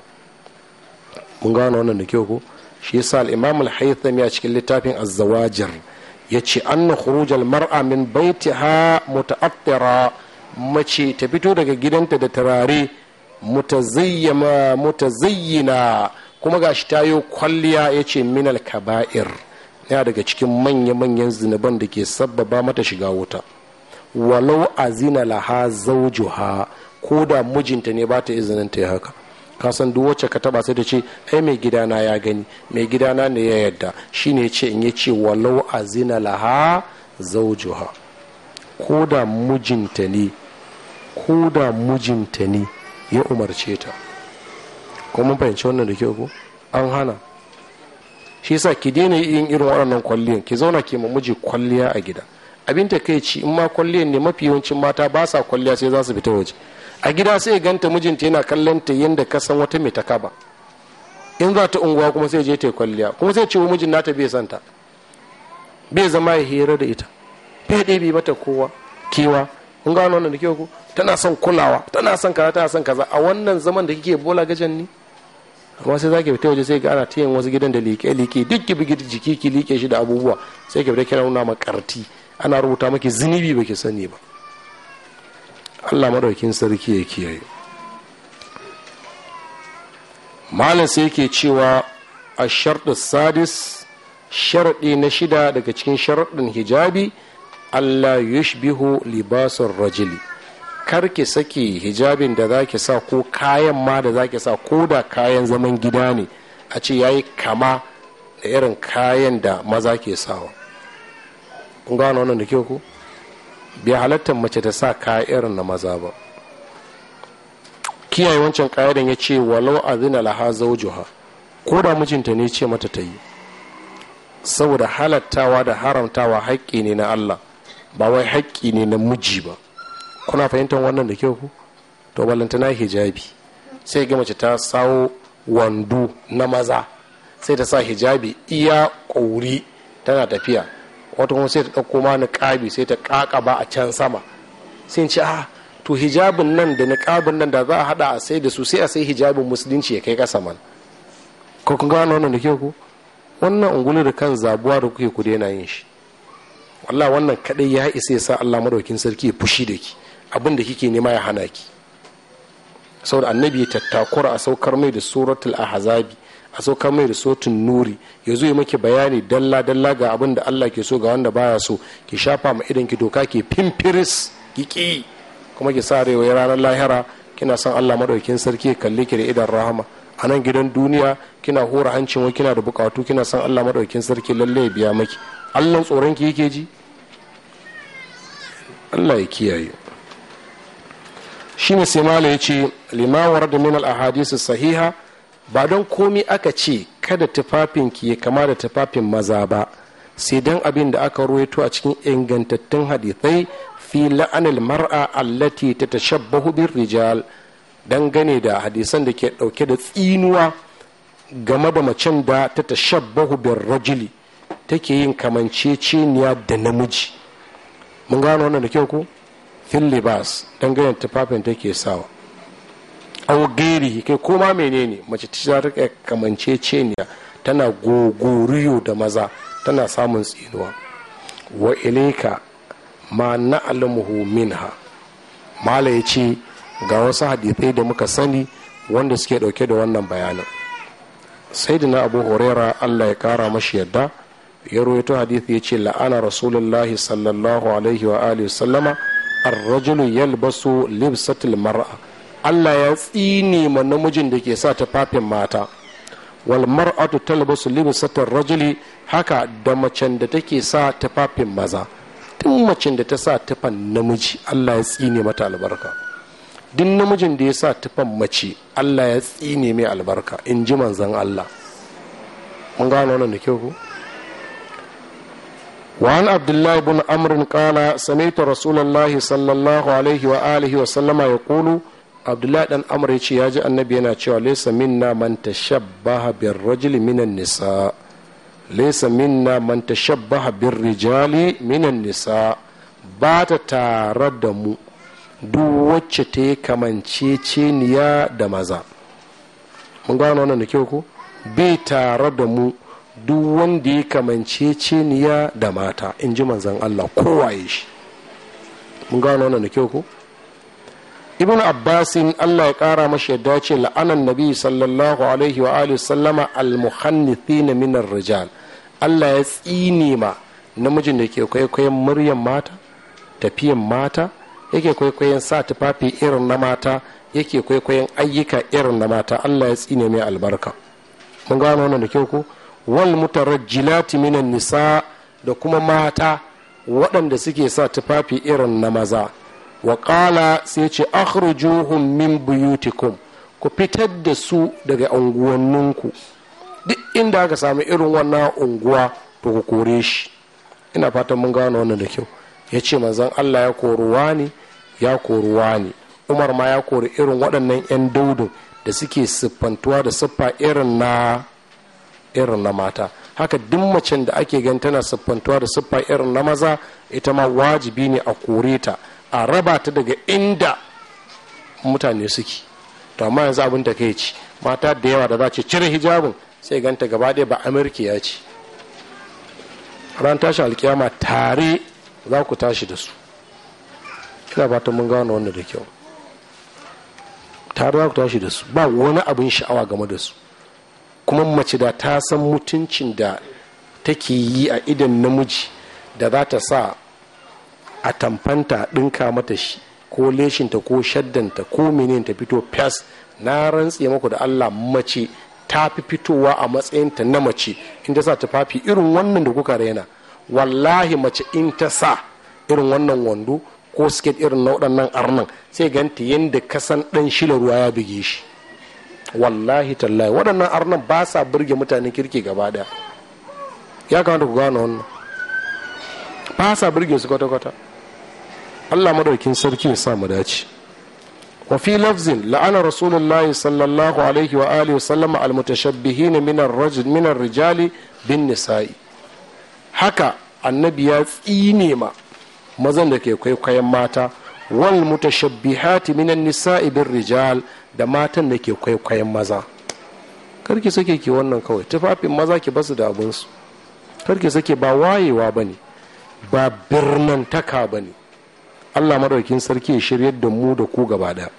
mun gano wannan da kyau ko shi yasa al-imam al-haythami a cikin littafin az-zawajir ya ce anna khurujal mar'a min baitiha muta'attira mace ta fito daga gidanta da turare mutazayyama mutazayyina kuma gashi ta yi kwalliya ya ce minal kaba'ir yana daga cikin manya-manyan zinuban da ke sabbaba mata shiga wuta walau azina laha zaujuha ko da mijinta ne ba ta izinin ta yi haka ka san duk wacce ka taba sai ta ce ai mai gidana ya gani mai gidana ne ya yadda shine ce in ya ce walau azina laha zawjuha ko da mijinta ne ko da mijinta ne ya umarce ta ko mun fahimci wannan da kyau ko an hana shi yasa ki daina yin irin waɗannan kwalliyan ki zauna ki ma miji kwalliya a gida abin ta kai ci in ma kwalliyan ne mafi yawancin mata ba sa kwalliya sai za su fita waje a gida sai ganta mijinta yana kallon ta yadda ka san wata mai ta kaba in za ta unguwa kuma sai je ta kwalliya kuma sai ce mijin nata bai santa bai zama ya hira da ita bai bai mata kowa kewa kun gano wannan da kyau tana son kulawa tana son kaza tana son kaza a wannan zaman da kike bola gajan ni amma sai zaki fita waje sai ga ana tayin wasu gidan da liƙe liƙe duk ki bigi jiki ki liƙe shi da abubuwa sai ki fita kira nuna makarti ana rubuta maki ba baki sani ba allah maɗaukin sarki ya kiyaye malam sai yake cewa a sharɗin sadis sharɗi na shida daga cikin sharɗin hijabi allah yushbihu libasan rajili kar ki saki hijabin da zaki sa ko kayan ma da zaki sa ko da kayan zaman gida ne a ce yayi kama da irin kayan da maza ke sawa kun gano wannan da kyau ko bai halattar mace ta sa kaya irin na maza ba kiyaye wancan ƙa'idan ya ce walau zina laha zawjuha ko da mijinta ne ce mata ta yi saboda halattawa da haramtawa haƙƙi ne na Allah ba wai haƙƙi ne na miji ba kuna fahimtar wannan da kyau ku to na hijabi sai ga mace ta sawo wando na maza sai ta sa hijabi iya ƙauri tana tafiya wata kuma sai ta ɗauko ma niƙabi sai ta ba a can sama sai ce ah to hijabin nan da niƙabin nan da za a haɗa a sai da su sai a sai hijabin musulunci ya kai ƙasa man ko kun gano wannan da ke ku wannan ungulu da kan zabuwa da kuke ku daina yin shi wallah wannan kaɗai ya isa ya sa Allah madaukin sarki ya fushi da ki abin da kike nema ya hana ki saboda annabi ya tattakura a saukar mai da suratul ahzabi a sauka mai da sotin nuri ya zo yi maki bayani dalla dalla ga abin da Allah ke so ga wanda baya so ki shafa ma idan ki doka ke fimfiris ki ki kuma ki sa rewa ranar lahira kina son Allah madaukin sarki ya kalle ki da idan rahama a nan gidan duniya kina hura hancin wa kina da bukatu kina son Allah madaukin sarki lalle ya biya maki Allah tsoron ki yake ji Allah ya kiyaye ne sai malai ya ce limawar da min al sahiha ba don komi aka ce kada tufafin ki ya kama da tufafin maza ba sai don abin da aka ruwaito a cikin ingantattun hadithai fi la'anil mar'a allati ta tashabbahu bin rijal dangane da hadisan da ke dauke da tsinuwa game da macen da ta tashabbahu bin rajuli take yin kamanceceniya da namiji mun gano wannan da kyau ku fil libas dangane da tufafin take sawa augiri gairi kai koma menene mace ta za ta kamance ceniya tana goguriyo da maza tana samun tsinuwa wa ilaika ma na'lamuhu minha mala ya ce ga wasu hadithai da muka sani wanda suke dauke da wannan bayanin sai na abu horera allah ya kara mashi yadda ya rawaito hadithi ya ce la'ana rasulullahi sallallahu alaihi wa alihi sallama ar-rajulu yalbasu libsatil mar'a allah ya tsine ma namijin da ke sa tufafin mata wal mar'atu talbasu libsatar rajuli haka da macen da take sa tufafin maza tun macen da ta sa tufan namiji allah ya tsine mata albarka duk namijin da ya sa tufan mace allah ya tsine mai albarka in ji manzan allah mun gano wannan da kyau ku وعن عبد الله بن عمرو قال سمعت رسول الله صلى الله عليه وآله وسلم يقول abdullahi dan amr ya ce ya ji annabi yana cewa laysa minna man tashabbaha bir rajuli minan nisa laysa minna man tashabbaha bir rijali minan nisa ba ta tare da mu duk wacce ta yi kamanceceniya da maza mun gano wannan da kyau ko bai tare da mu duk wanda ya kamanceceniya da mata in ji manzan Allah ya shi mun gano wannan da kyau ko ibn abbasin allah ya kara mashi yadda ce la'anan nabi sallallahu alaihi wa alihi sallama na minar rijal allah ya tsine ma namijin da ke kwaikwayon muryan mata tafiyan mata yake kwaikwayon sa tufafi irin na mata yake kwaikwayon ayyuka irin na mata allah ya tsine mai albarka mun gano wannan da kyau ko wal mutarajjilati minan nisa da kuma mata waɗanda suke sa tufafi irin na maza waƙala ƙala sai ce akhrujuhum min buyutikum ku fitar da su daga unguwanninku duk inda aka sami irin wannan unguwa to ku kore shi ina fatan mun gano wannan da kyau ya ce manzon Allah ya koruwa ne ya koruwa ne umar ma ya kori irin waɗannan 'yan daudin da suke siffantuwa da siffa irin na irin na mata haka duk macen da ake gan tana siffantuwa da siffa irin na maza ita ma wajibi ne a kore ta a raba ta daga inda mutane suke to amma yanzu abin da kai ci mata da yawa da za ce cire hijabin sai ganta gaba ɗaya ba amurki ya ci ran tashi alkiyama tare za ku tashi da su ina ba ta mun gano wannan da kyau tare za ku tashi da su ba wani abin sha'awa game da su kuma mace da ta san mutuncin da take yi a idan namiji da za ta sa a tamfanta ɗinka mata shi ko leshinta ko shaddanta ko menene ta fito fes na rantse maku da allah mace ta fi fitowa a matsayinta na mace in ta sa tufafi irin wannan da kuka raina wallahi mace in ta sa irin wannan wando ko siket irin na waɗannan arnan sai ganta yadda kasan ɗan shila ruwa ya bige shi wallahi tallahi waɗannan arnan ba sa burge mutanen kirki gaba ɗaya ya kamata ku gane wannan ba sa burge su kwata-kwata allah madaukin sarki ya sa mu dace wa fi lafzin la'ana rasulullahi sallallahu alaihi wa alihi sallama almutashabbihina min rijali bin nisa'i haka annabi ya tsine ma mazan da ke kwaikwayon mata wal mutashabbihati minan nisa'i bin rijal da matan da ke kwaikwayon maza karki sake ki wannan kawai tufafin maza ki basu da abun su karki sake ba wayewa bane ba birnantaka bane allah madaukin sarki ya shiryar da mu da ku gaba ɗaya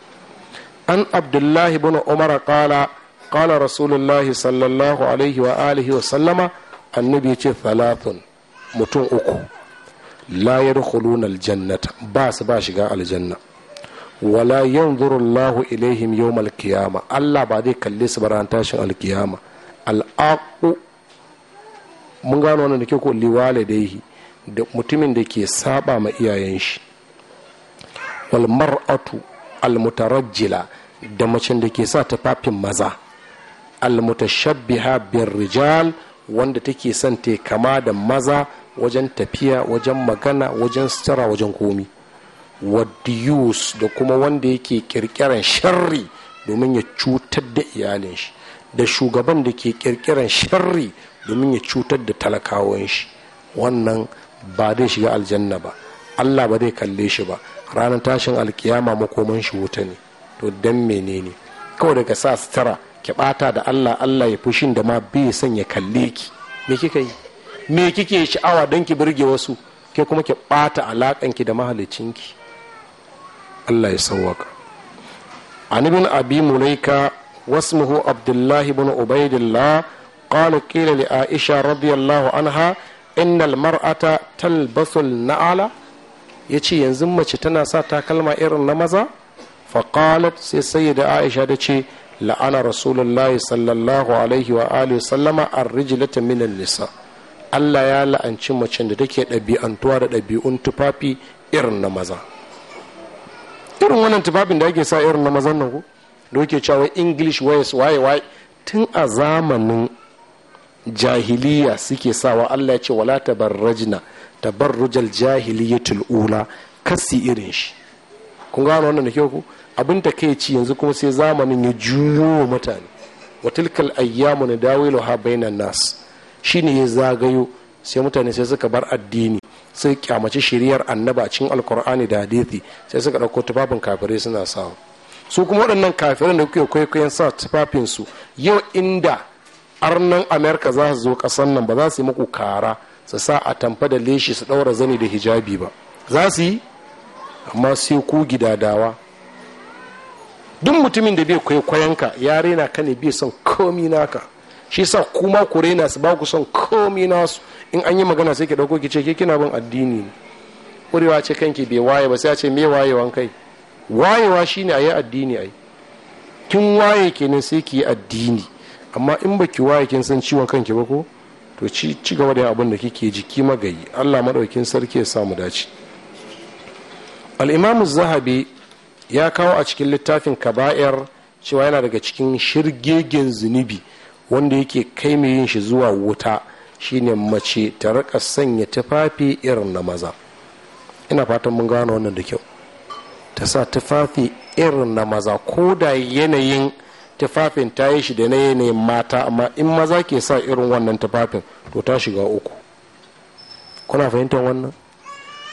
an abdullahi bin umar kala kala rasulullahi sallallahu alaihi wa alihi wa sallama annabi ya ce thalathun mutum uku la kulunar aljannata ba su ba shiga aljanna wala yanzuru Allahu ilaihim yawm alqiyama Allah ba zai kalli su ran tashin alqiyama al'aqu mun gano wannan da ke ko liwalidaihi da mutumin da ke saba ma iyayen shi Walmar mar'atu da macen da ke sa tufafin maza almutashabbiha mutashabbiha bin rijal wanda take son ta kama da maza wajen tafiya wajen magana wajen sutura wajen komi wadiyus da kuma wanda yake kirkiran sharri domin ya cutar da iyalin shi da shugaban da ke kirkiran sharri domin ya cutar da talakawan shi wannan ba zai shiga aljanna ba allah ba zai kalle shi ba ranar tashin alkiyama makoman shi wuta ne to dan menene kawai daga sa sutura ki bata da Allah Allah ya fushin da ma bai son ya kalle ki me kika yi me kike sha'awa don ki birge wasu ke kuma ki bata alakan ki da mahalicinki Allah ya sawwaka an ibn abi mulaika wasmuhu abdullahi ibn ubaidillah qala qila li aisha radiyallahu anha innal mar'ata talbasul na'ala ya ce yanzu mace tana sa takalma irin na maza faƙalat sai sai da aisha da ce la'ana rasulullahi sallallahu alaihi wa alihi sallama an rijilata minan nisa allah ya la'anci mace da take ɗabi'antuwa da ɗabi'un tufafi irin na maza irin wannan tufafin da ake sa irin na mazan nan ko da yake cewa english ways waye waye tun a zamanin jahiliya suke sawa allah ya ce wala tabarrajna tabarrujal jahiliyatul ula kasi irin shi kun gano wannan da kyau ku abin ta kai ci yanzu kuma sai zamanin ya juyo wa mutane wa tilkal ayyamu na dawilu ha bainan nas shine ya zagayo sai mutane sai suka bar addini sai kyamaci shiriyar annaba cikin alkur'ani da hadithi sai suka dauko tufafin kafirai suna sawa su kuma waɗannan kafirin da kuke kwaikwayon sa tufafin su yau inda arnan amerika za su zo ƙasan nan ba za su yi muku kara su sa a tamfa da leshi su ɗaura zani da hijabi ba za su yi amma sai ku gidadawa duk mutumin da bai kwaikwayonka ya raina ka ne bai son komi naka shi sa kuma ku raina su ba ku son komi nasu in an yi magana sai ki ɗauko ki ce ke kina bin addini ne ƙurewa ce kanki bai waye ba sai a ce me wayewan kai wayewa shine a yi addini ai kin waye kenan sai ki yi addini amma in baki waye kin san ciwon kanki ba ko to ci ci gaba da abin da kike jiki magayi Allah maɗaukin sarki ya samu dace al-imam zahabi ya kawo a cikin littafin kaba'ir cewa yana daga cikin shirgegen zunubi wanda yake kai mai yin shi zuwa wuta shine mace ta rika sanya tufafi irin na maza ina fatan mun gano wannan da kyau ta sa tufafi irin na maza ko da yanayin tufafin ta yi shi da na yanayin mata amma in maza ke sa irin wannan tufafin to ta shiga uku kuna fahimtar wannan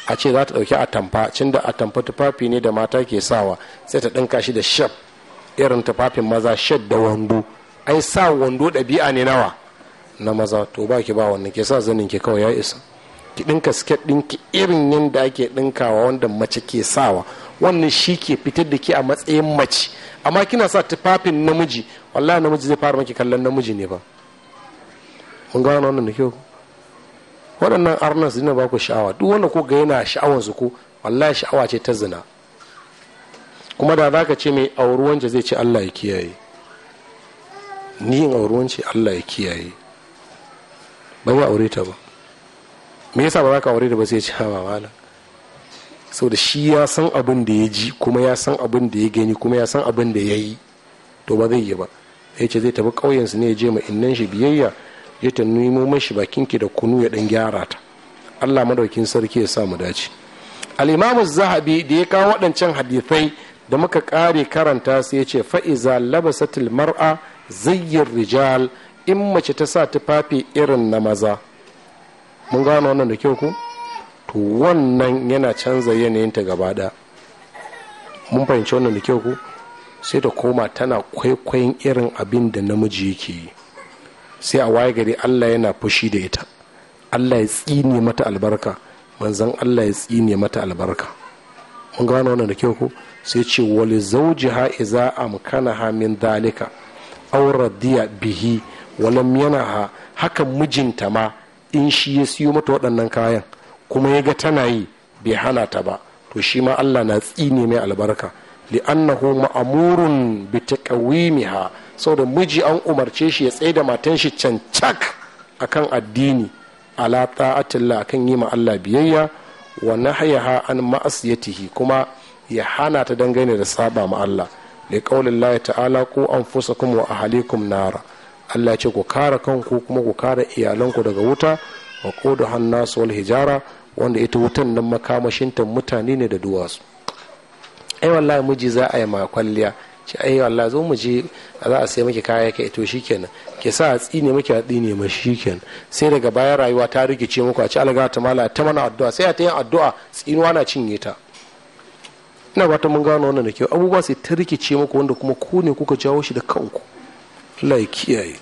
a ce za ta ɗauki atamfa cin da atamfa tufafi ne da mata ke sawa sai ta ɗinka shi da shaf irin tufafin maza shaf da wando ai sa wando ɗabi'a ne nawa na maza to ba ba wannan ke sa zanin ke kawai ya isa ki ɗinka siket ɗinki irin yadda ake ɗinkawa wanda mace ke sawa wannan shi ke fitar da ke a matsayin mace amma kina sa tufafin namiji wallahi namiji zai fara maki kallon namiji ne ba mun gano wannan da kyau waɗannan arnas dina ba ku sha'awa duk wanda ko ga yana sha'awar su ko wallahi sha'awa ce ta zina kuma da zaka ce mai auruwanci zai ce Allah ya kiyaye ni in auruwanci Allah ya kiyaye ban ba aure ta ba me yasa ba za ka aure da ba sai ci hawa wala da shi ya san abin da ya ji kuma ya san abin da ya gani kuma ya san abin da ya yi to ba zai yi ba ya ce zai tafi ƙauyensu ne ya je ma innan shi biyayya ya ta nemo mashi ki da kunu ya dan gyara ta allah madaukin sarki ya sa mu dace al'imamu zahabi da ya kawo waɗancan hadithai da muka ƙare karanta sai ya ce fa'iza labasatil mar'a zayyar rijal in mace ta sa tufafi irin na maza mun gano wannan da kyau ku to wannan yana canza yanayinta gaba ɗaya mun fahimci wannan da kyau ku sai ta koma tana kwaikwayon irin abin da namiji yake yi sai a waye gari allah yana fushi da ita allah ya tsine mata albarka manzan allah ya tsine mata albarka mun gano wannan da kyau ku? sai ce wali zauji ha iza amkana ha min dalika auradiya bihi walam yana ha hakan mijinta ma in shi ya siyo mata waɗannan kayan kuma ya ga tana yi bai hana ta ba to shi ma Allah na tsine mai albarka li'annahu ma'amurun bi taqwimiha saboda miji an umarce shi ya tsaye da matan shi cancak akan addini ala ta'atillah akan yi ma Allah biyayya wa nahyaha an ma'asiyatihi kuma ya hana ta dangane da saba ma Allah li qaulillahi ta'ala ku anfusakum wa ahlikum nara allah ce ku kare kanku kuma ku kare iyalanku daga wuta wa kodu hannasu wal hijara wanda ita wutan nan makamashinta mutane ne da duwatsu ai wallahi miji za a yi ma kwalliya ce ai wallahi zo mu je za a sai miki kaya ka ito shikenan ke sa a tsine miki a tsine ma shikenan sai daga baya rayuwa ta rikice muku a ci alga ta mala ta mana addu'a sai a ta yin addu'a tsinuwa na cinye ta ina ba ta mun gano wannan da kyau abubuwa sai ta rikice muku wanda kuma ku ne kuka jawo shi da kanku Allah ya kiyaye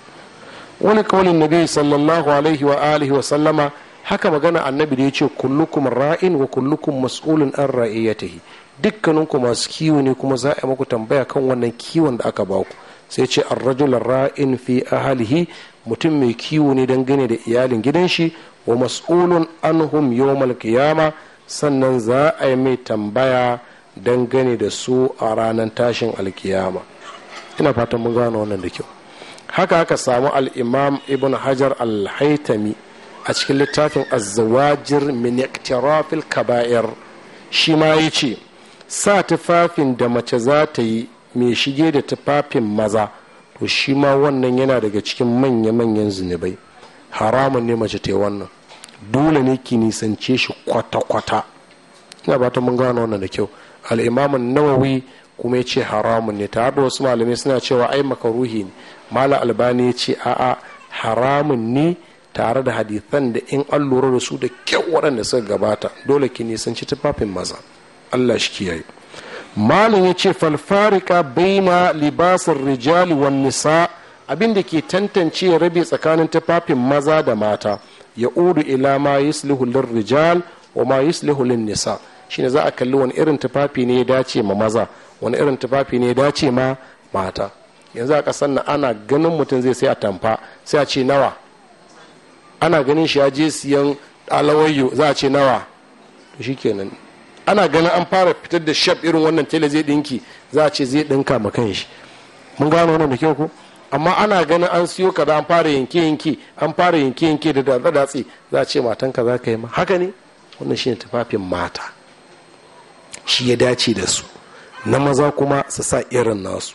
wani kawalin gai sallallahu alaihi wa alihi wa sallama haka magana annabi da ya ce kullukum ra'in wa kullukum mas'ulun an ra'iyatihi dukkaninku masu kiwo ne kuma za a maku tambaya kan wannan kiwon da aka baku sai ce arrajul ra'in fi ahalihi mutum mai kiwo ne dangane da iyalin gidan shi wa mas'ulun anhum yawmal qiyama sannan za a yi mai tambaya dangane da su a ranar tashin alkiyama ina fatan mun gano wannan da kyau haka aka samu al'imam ibn hajar al-haitami a cikin littafin azawajir min kaba'ir shi ma ya ce sa tufafin da mace za ta yi mai shige da tufafin maza to shi ma wannan yana daga cikin manya-manyan zunubai haramun ne mace ta yi wannan dole ne ki nisance shi kwata-kwata ina ba ta mun gano wannan da kyau al'imamin nawawi kuma ya ce haramun ne ta da wasu malamai suna cewa ai makaruhi ne mala albani ya ce a'a haramun ne tare da hadithan da in an lura da su da kyau waɗanda suka gabata dole ki ci tufafin maza allah shi kiyaye malin ya ce falfarika ma libasin rijali wan nisa abinda ke tantance rabi tsakanin tufafin maza da mata ya udu ila ma yuslihu lir rijal wa ma yuslihu lin nisa shine za a kalli wani irin tufafi ne ya dace ma maza wani irin tufafi ne ya dace ma mata yanzu a kasar na ana ganin mutum zai sai a tamfa sai a ce nawa ana ganin shi ya je siyan alawayyo za a ce nawa to shi kenan ana ganin an fara fitar da shaf irin wannan tele zai dinki za a ce zai dinka ma shi mun gano wannan da kyau ko amma ana ganin an siyo kaza an fara yanke yanke an fara yanke yanke da datsa datsi za a ce matan ka za ka yi ma haka ne wannan shine tufafin mata shi ya dace da su na maza kuma su sa irin nasu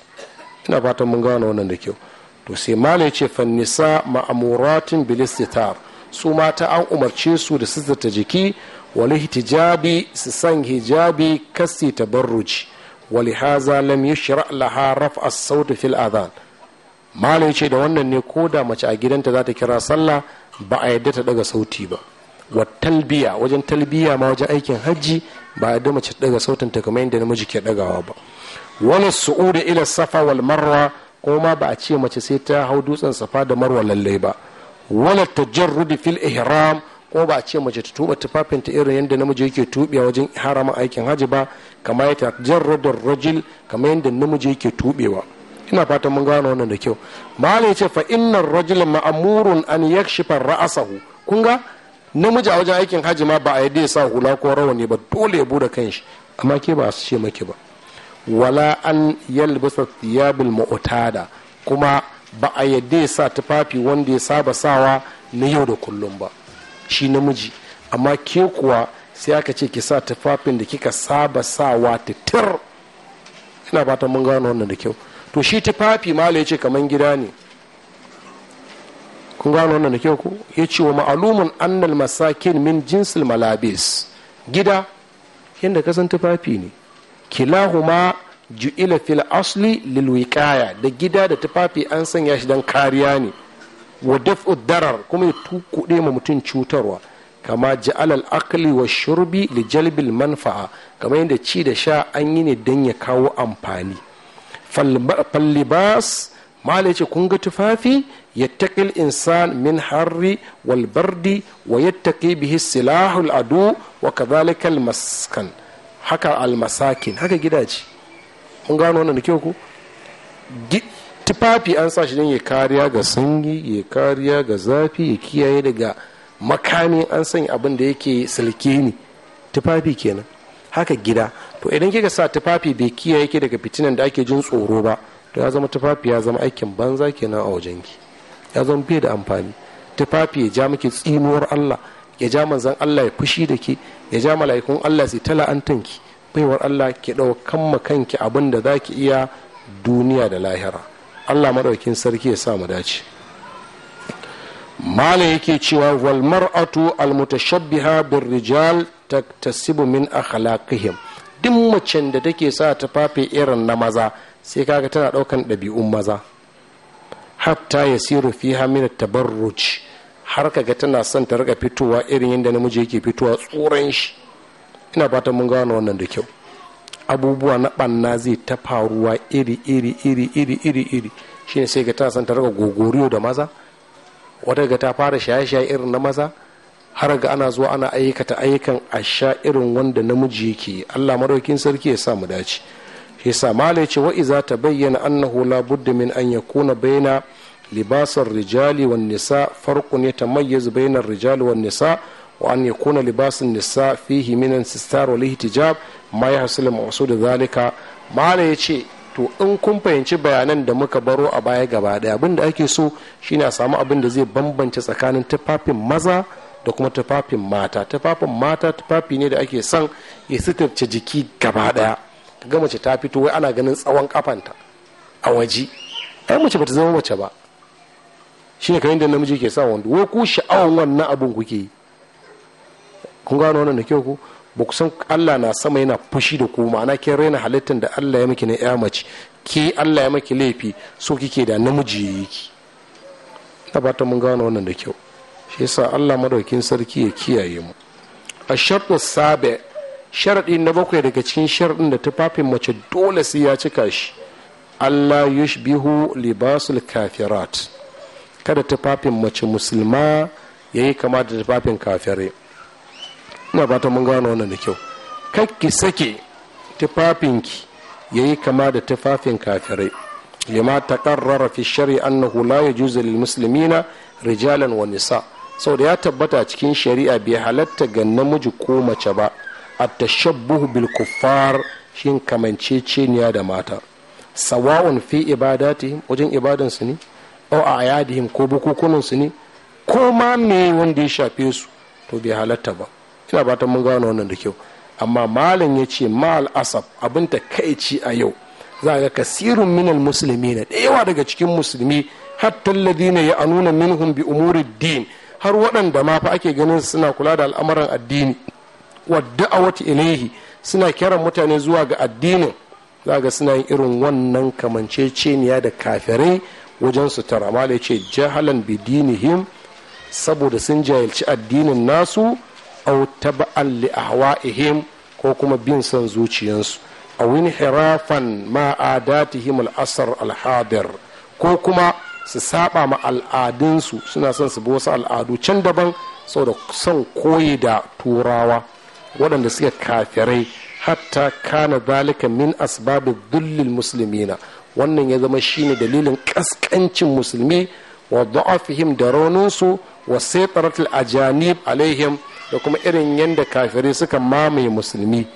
ina fatan mun gano wannan da kyau to sai malai ce fannisa ma'amuratin bilistitar su mata an umarce su da sizzata jiki wali hijabi su san hijabi kasi barruci wali haza lam yushra laha raf as-sawt fil adhan malai ce da wannan ne ko da mace a gidanta za ta kira sallah ba a yadda ta daga sauti ba wa talbiya wajen talbiya ma wajen aikin hajji ba a yadda mace ta daga sautin ta kamar yadda namiji ke dagawa ba wani su'uda ila safa wal marwa kuma ba a ce mace sai ta hau dutsen safa da marwa lallai ba wala tajarrudi fil ihram ko ba a ce mace ta tuba tufafinta irin yadda namiji yake tubiya wajen haramun aikin hajji ba kamar ta jarradar rajil kamar yadda namiji yake tubewa ina fatan mun gano wannan da kyau malai ce fa innar rajul ma'amurun an yakshifa ra'asahu kun ga namiji a wajen aikin hajji ma ba a yadda ya sa hula ko rawani ba dole ya bude kanshi amma ke ba a ce maki ba wala an yalbasa thiyabul mu'tada kuma ba a yadda ya sa tufafi wanda ya saba sawa na yau da kullum ba shi namiji amma ke kuwa sai aka ce ki sa tufafin da kika saba sawa titir ina fatan mun gano wannan da kyau to shi tufafi mala ya ce kaman gida ne kun gano wannan da kyau ku ya ce wa ma'alumin annal masakin min jinsil malabis gida yadda kasan tufafi ne kilahuma ju'ila fil asli lil wiqaya da gida da tufafi an sanya shi dan kariya ne wa daf'u darar kuma ya tukuɗe ma mutum cutarwa kama ja'alal akli wa shurbi li jalbil manfa'a kamar yadda ci da sha an yi ne dan ya kawo amfani fallibas mala ce kun ga tufafi yattaqil insan min harri wal bardi wa yattaqi bihi silahul adu wa kadhalika al maskan haka almasakin haka gidaje mun gano wannan da kyau ku tufafi an sa shi don ya kariya ga sanyi ya kariya ga zafi ya kiyaye daga makami an sanya abin da yake silke ni tufafi kenan haka gida to idan kika sa tufafi bai kiyaye ke daga fitinan da ake jin tsoro ba to ya zama tufafi ya zama aikin banza kenan a wajenki ya zama bai da amfani tufafi ya ja miki tsinuwar Allah ya ja manzan Allah ya fushi da ke ya ja mala'ikun Allah su tala'antan ki baiwar Allah ki ɗaukan ma kanki abin da za ki iya duniya da lahira Allah maɗaukin sarki ya sa mu dace malam yake cewa walmar mar'atu al mutashabbiha bir rijal taktasibu min akhlaqihim duk macen da take sa ta fafe irin na maza sai kaga tana ɗaukan ɗabi'un maza hatta yasiru fiha min tabarruj har ka ga tana son ta rika fitowa irin yadda namiji yake fitowa tsoron shi ina fata mun gano wannan da kyau abubuwa na banna zai ta faruwa iri iri iri iri iri iri shine sai ga tana son ta rika gogoriyo da maza wata ga ta fara shaye-shaye irin na maza har ga ana zuwa ana aikata ayyukan sha irin wanda namiji yake Allah madaukin sarki ya sa mu dace shi yasa malai ce wa iza ta bayyana annahu la budda min an yakuna baina لباس rijali والنساء nisa يتميز ne ta والنساء وأن rijali لباس nisa فيه an yakuna libasun nisa fihi minan sistar wal ihtijab ce to in kun fahimci bayanan da muka baro a baya gaba daya abin da ake so shine a samu abin da zai bambance tsakanin tufafin maza da kuma tufafin mata tufafin mata tufafi ne da ake son ya sitarce jiki gaba daya ga mace ta fito wai ana ganin tsawon kafanta a waje ai mace bata zama mace ba shine kamar da namiji ke sa wando wai ku sha'awan wannan abin kuke yi kun gano wannan da kyau ku ba ku san Allah na sama yana fushi da ku ma'ana ke raina halittar da Allah ya miki na ya mace ke Allah ya maki laifi so kike da namiji ya yi ta mun gano wannan da kyau shi yasa Allah madaukin sarki ya kiyaye mu a sharɗin sabe sharaɗi na bakwai daga cikin sharaɗin da tufafin mace dole sai ya cika shi Allah yushbihu libasul kafirat kada tufafin mace musulma ya yi kama da tufafin kafirai ina fata mun gano wannan da kyau kakki sake tufafinki ya yi kama da tufafin kafirai lima karrara fi shari'a annahu la yajuzu lil muslimina rijalan wa nisa saboda ya tabbata cikin shari'a bai halatta ga namiji ko mace ba at tashabbuhu bil kuffar shin kamanceceniya da mata sawa'un fi ibadatihim wajen ibadansu ne o a ayadihim ko bukukunansu ne ko ma me wanda ya shafe su to bai halatta ba ina bata mun gano wannan da kyau amma malam ya ce mal asab abin ta kai ci a yau za ga kasirun al musulmi na yawa daga cikin musulmi hatta alladhina ya'nuna minhum bi umuri din har waɗanda ma fa ake ganin suna kula da al'amuran addini wa da'awati ilaihi suna kiran mutane zuwa ga addinin za ga suna yin irin wannan kamanceceniya da kafirai wajen su malai ce jahalan him saboda sun jahilci addinin nasu au taba'an li ahwa'ihim ko kuma bin son zuciyansu a wani hirafan ma adatihim al'asar alhadar ko kuma su saba ma al'adunsu suna son su bi wasu al'adu can daban saboda son koyi da turawa waɗanda suke kafirai hatta kana zalika min asbabi dullil musulmina wannan ya zama shine dalilin kaskancin musulmi wa da'afihim da rauninsu wa saitaratul ajanib alaihim da kuma irin yadda kafirai suka mamaye musulmi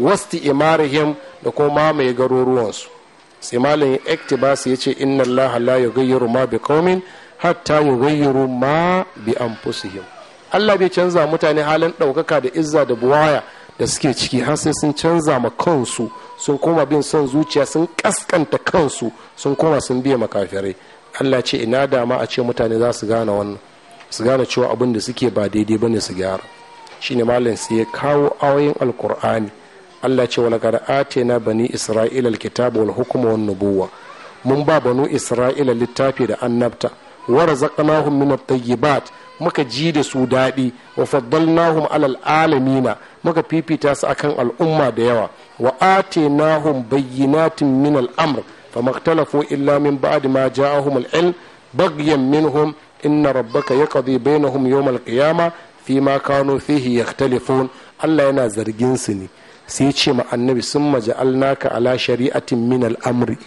wasti imarihim da kuma mamaye garuruwansu sai malamin ektibas ya ce inna allaha la yughayyiru ma bi hatta yughayyiru ma bi anfusihim Allah bai canza mutane halin ɗaukaka da izza da buwaya da suke ciki har sai sun canza ma kansu sun koma bin son zuciya sun kaskanta kansu sun koma sun biya makafirai allah ce ina dama a ce mutane za su gane wannan su gane cewa abin da suke ba daidai bane su gyara shine malam sai ya kawo ayoyin alkur'ani allah ce wala kada atena bani isra'ila alkitabu wal hukma wan nubuwa mun ba banu isra'ila littafi da annabta wa na min at-tayyibat muka ji da su daɗi wa faddalnahum alal alamina muka fifita su akan al'umma da yawa wa atinahum bayyinatin min al'amr famakhtalafu illa min ba'di ma ja'ahum al'ilm baghyan minhum inna rabbaka yaqdi bainahum yawm al-qiyama fima kanu fihi yakhtalifun Allah yana zargin su ne sai ce ma annabi sun maja'alnaka ala shari'atin min amri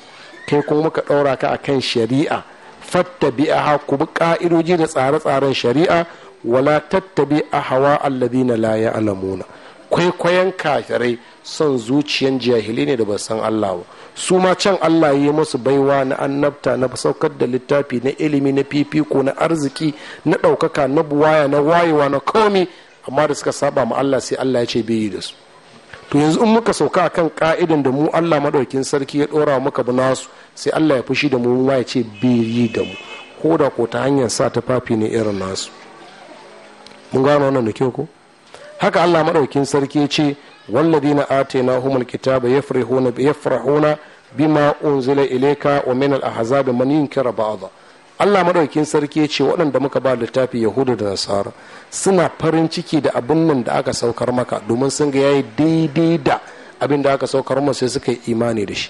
kai kuma muka ɗaura ka akan shari'a fattabi'aha ku bi ka'idoji da tsare-tsaren shari'a wala tattabi a hawa na laye a namuna kwaikwayon kafirai son zuciyan jahili ne da ba san Allah ba su ma can Allah ya yi musu baiwa na annabta na saukar da littafi na ilimi na fifiko na arziki na ɗaukaka na buwaya na wayewa na komi amma da suka saba ma Allah sai Allah ya ce bai yi da su to yanzu in muka sauka akan ka'idan da mu Allah maɗaukin sarki ya dora muka bi nasu sai Allah ya fushi da mu ma ya ce biri da mu ko da ko ta hanyar sa ta fafi ne irin nasu mun gano wannan da kyau ko haka Allah maɗaukin sarki ya ce walladina atainahumul kitaba yafrahuna yafrahuna bima unzila ilayka wa min al-ahzabi man yunkira ba'dha Allah madaukin sarki ya ce waɗanda muka ba littafi yahudu da nasara suna farin ciki da abin nan da aka saukar maka domin sun ga yayi daidai da abin da aka saukar masa sai suka yi imani da shi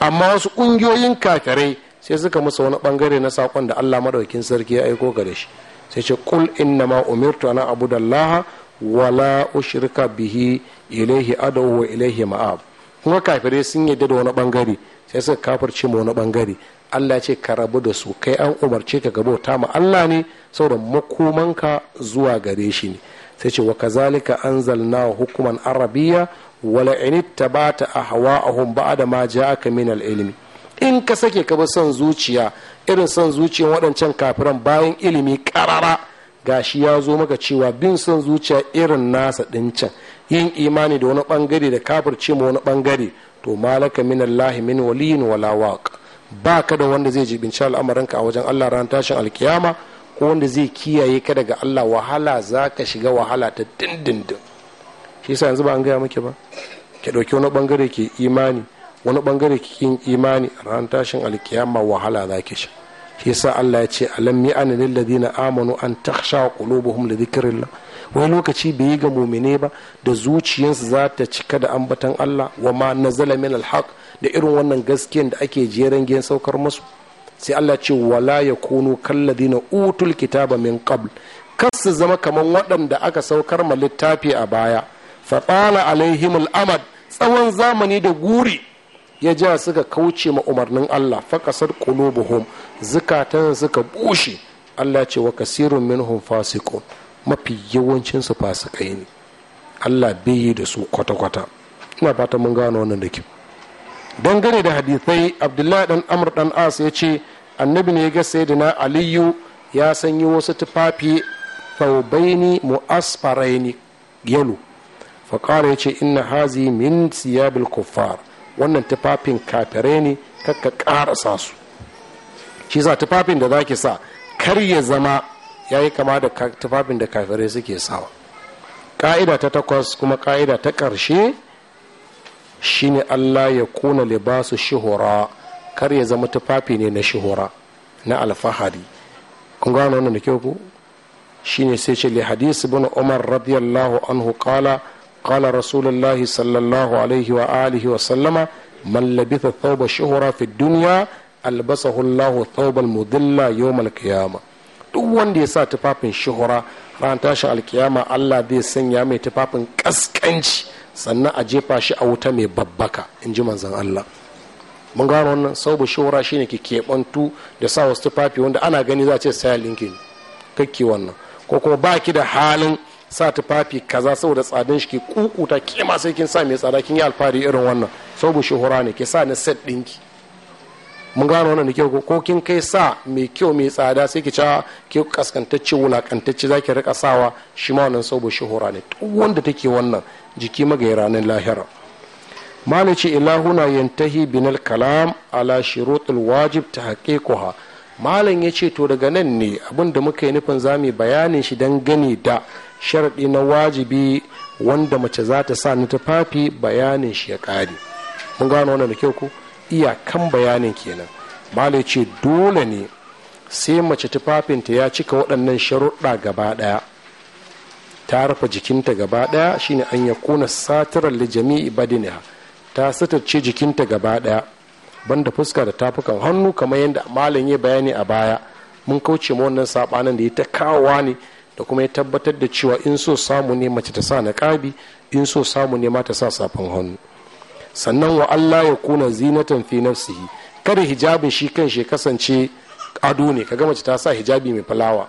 amma wasu ƙungiyoyin kakarai sai suka musu wani bangare na sakon da Allah maɗaukin sarki ya aiko ga da shi sai ce kul inna ma umirtu ana abudallaha wala ushrika bihi ilaihi adu wa ilaihi ma'ab kuma kafirai sun yadda da wani bangare sai suka kafirce mu wani bangare Allah ce ka rabu da su kai an umarce ka ga bauta ma Allah ne saboda makomanka zuwa gare shi ne sai ce wa kazalika anzalna hukuman arabiya wala in tabata ahwa'uhum ba'da ma ja'aka min al-ilmi in ka sake ka bi son zuciya irin son zuciyar waɗancan kafiran bayan ilimi karara gashi ya zo maka cewa bin son zuciya irin nasa can yin imani da wani bangare da kafirce ma wani bangare to malaka min min waliyin wala waqa ba ka da wanda zai jibinci al'amarinka a wajen allah ran tashin alkiyama ko wanda zai kiyaye ka daga allah wahala za ka shiga wahala ta dindindin shi sa yanzu ba an gaya muke ba ki ɗauki wani bangare ke imani wani bangare yin imani ran tashin alkiyama wahala za ki sha shi sa Allah ya ce alam an lil ladina amanu an takhsha qulubuhum li dhikrillah wani lokaci bai yi ga mumine ba da zuciyarsu za ta cika da ambatan Allah wa ma nazala min alhaq da irin wannan gaskiyan da ake jeren giyan saukar masu sai Allah ce wala ya kunu kalladina utul kitaba min qabl kas su zama kamar waɗanda aka saukar ma littafi a baya fatala alaihim al-amad tsawon zamani da guri ya ja suka kauce ma umarnin Allah faqasat qulubuhum zukatan suka bushe Allah ce wa kasirun minhum fasiqun mafi yawancinsu fasikai ne Allah bai yi da su kwata-kwata ina fata mun gano wannan da kyau dangane da hadithai abdullahi dan amur dan as ya ce annabi ne ga sayyidina aliyu ya sanyi wasu tufafi thawbaini mu'asfaraini yalo faƙara ya ce inna hazi min siyabil kuffar wannan tufafin kafirai ne kakka sa su shi sa tufafin da zaki sa kar ya zama ya yi kama da tufafin da kafirai suke sawa ƙa'ida ta takwas kuma ƙa'ida ta ƙarshe shine Allah ya kuna libasu shuhura kar ya zama tufafi ne na shuhura na alfahari kun gano wannan da kyau ku shine sai ce li hadisi bin Umar radiyallahu anhu qala qala rasulullahi sallallahu alaihi wa alihi wa sallama man labitha thawba shuhura fi dunya albasahu Allah thawbal mudilla yawmal qiyama duk wanda ya sa tufafin shuhura ran tashin alkiyama Allah zai sanya mai tufafin kaskanci sannan a jefa shi a wuta mai babbaka in ji manzan Allah mun gano wannan saubu shi ne ke keɓantu da sa wasu tufafi wanda ana gani za a ce saya linkin kakki wannan ko kuma ba ki da halin sa tufafi kaza saboda tsadin shi ke kukuta ke sai kin sa mai tsada kin yi alfahari irin wannan saubu shura ne ke sa ni set ɗinki mun gano wannan da kyau ko kin kai sa mai kyau mai tsada sai ki ca ah, ki kaskantacce wulakantacce za ki rika sawa shi ma wannan sabo shuhura ne duk wanda take wannan jiki magayi ranar lahira malici ce na yantahi binal kalam ala shirutul wajib ta haƙiƙuha malam ya ce to daga nan ne abin da muka yi nufin za bayanin shi dan gani da sharaɗi na wajibi wanda mace za ta sa ni tafafi bayanin shi ya kare mun gano wannan da kyau ko iyakan bayanin kenan malam ce dole ne sai mace tufafinta ya cika waɗannan sharuɗa gaba ɗaya ta rufe jikinta gaba ɗaya shine an ya kuna satirar da jami'i badina ta sitarce jikinta gaba ɗaya banda fuska da tafukan hannu kamar yadda malam ya bayani a baya mun kauce ma wannan sabanin da ya ta kawowa ne da kuma ya tabbatar da cewa in so samu ne mace ta sa niƙabi in so samu ne ma ta sa safin hannu sannan wa Allah ya kuna zinatan fi nafsihi kada hijabin shi kan shi kasance ado ne kaga mace ta sa hijabi mai fulawa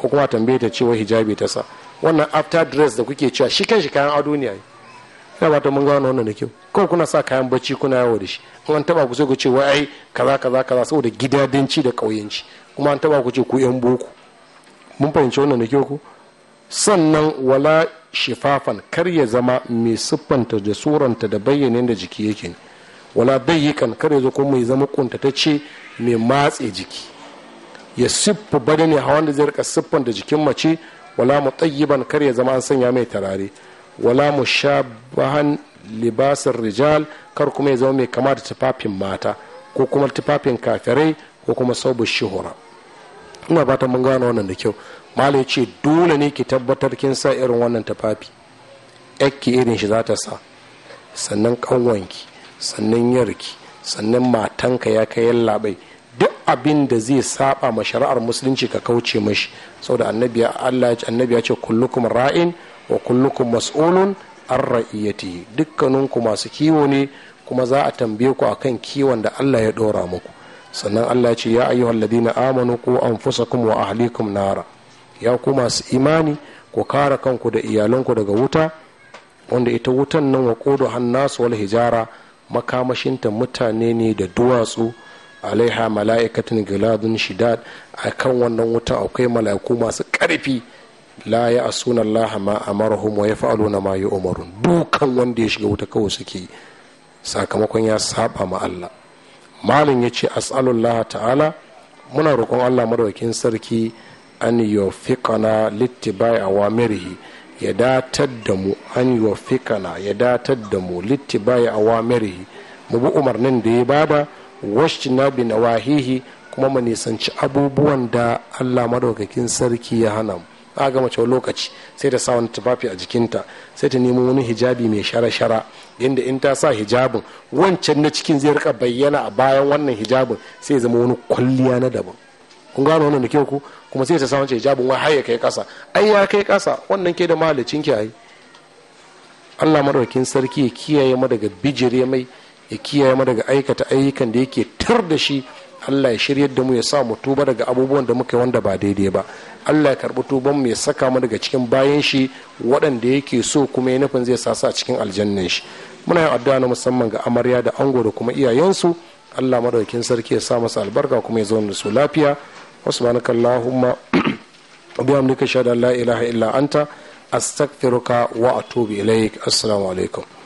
ko kuma tambaye ta cewa hijabi ta sa wannan after dress da kuke cewa shi kan shi kayan ado ne ai ya ba ta mun ga wannan da kyau kawai kuna sa kayan bacci kuna yawo da shi in an taba ku sai ku ce wai ai kaza kaza kaza saboda gidadanci da kauyanci kuma an taba ku ce ku yan boko mun fahimci wannan da kyau ko sannan wala shifafan kar ya zama mai siffanta da suranta da bayyane da jiki yake wala dayyikan kar ya zo kuma ya zama kuntatacce mai matse jiki ya siffa bane ne hawan da zai rika siffanta jikin mace wala mu tsayyiban kar ya zama an sanya mai tarare wala mu sha bahan libasin rijal kar kuma ya zama mai kama da tufafin mata ko kuma tufafin kafirai ko kuma saubu shuhura ina ta mun gano wannan da kyau malai ce dole ne ki tabbatar kin sa irin wannan tafafi yakki irin shi za ta sa sannan kanwanki sannan yarki sannan matanka ya kai labai duk abin da zai saba ma shari'ar musulunci ka kauce mashi saboda annabi Allah annabi ya ce kullukum ra'in wa kullukum mas'ulun an ra'iyati dukkaninku masu kiwo ne kuma za a tambaye ku akan kiwon da Allah ya dora muku sannan Allah ya ce ya ayyuhal ladina amanu ku anfusakum wa ahlikum nara ya ku masu imani ku kare kanku da iyalanku daga wuta wanda ita wutan nan wa kodo hannasu wal hijara makamashinta mutane ne da duwatsu alaiha mala'ikatin giladun shidad a kan wannan wuta akwai mala'iku masu ƙarfi la ya asuna Allah ma amarahum wa yaf'aluna ma yu'marun dukan wanda ya shiga wuta kawai suke sakamakon ya saba ma Allah malam yace as'alullah ta'ala muna roƙon Allah madaukakin sarki an yofikana littibai awamirihi ya datar da mu an yofikana ya datar da mu littibai awamirihi mu bi umarnin da ya bada na bi na wahihi kuma mu nisanci abubuwan da Allah madaukakin sarki ya hana mu a ga mace lokaci sai ta sa wani tufafi a jikinta sai ta nemo wani hijabi mai shara-shara inda in ta sa hijabin wancan na cikin zai rika bayyana a bayan wannan hijabin sai zama wani kwalliya na daban kun gano wannan da kyau ku kuma sai ta samu ce hijabin wai har ya kai kasa ai ya kai kasa wannan ke da mahalicin ki ai Allah madaukakin sarki ya kiyaye mu daga bijire mai ya kiyaye ma daga aikata ayyukan da yake tar da shi Allah ya shiryar da mu ya sa mu tuba daga abubuwan da muka wanda ba daidai ba Allah ya karbi tuban mu ya saka mu daga cikin bayan shi waɗanda yake so kuma ya nufin zai sa a cikin aljannan shi muna yin addu'a na musamman ga amarya da ango da kuma iyayensu Allah madaukakin sarki ya sa masa albarka kuma ya zo da su lafiya subhanaka allahumma wa bihamdika shada la ilaha illa anta astaghfiruka wa atubu ilaik assalamu alaikum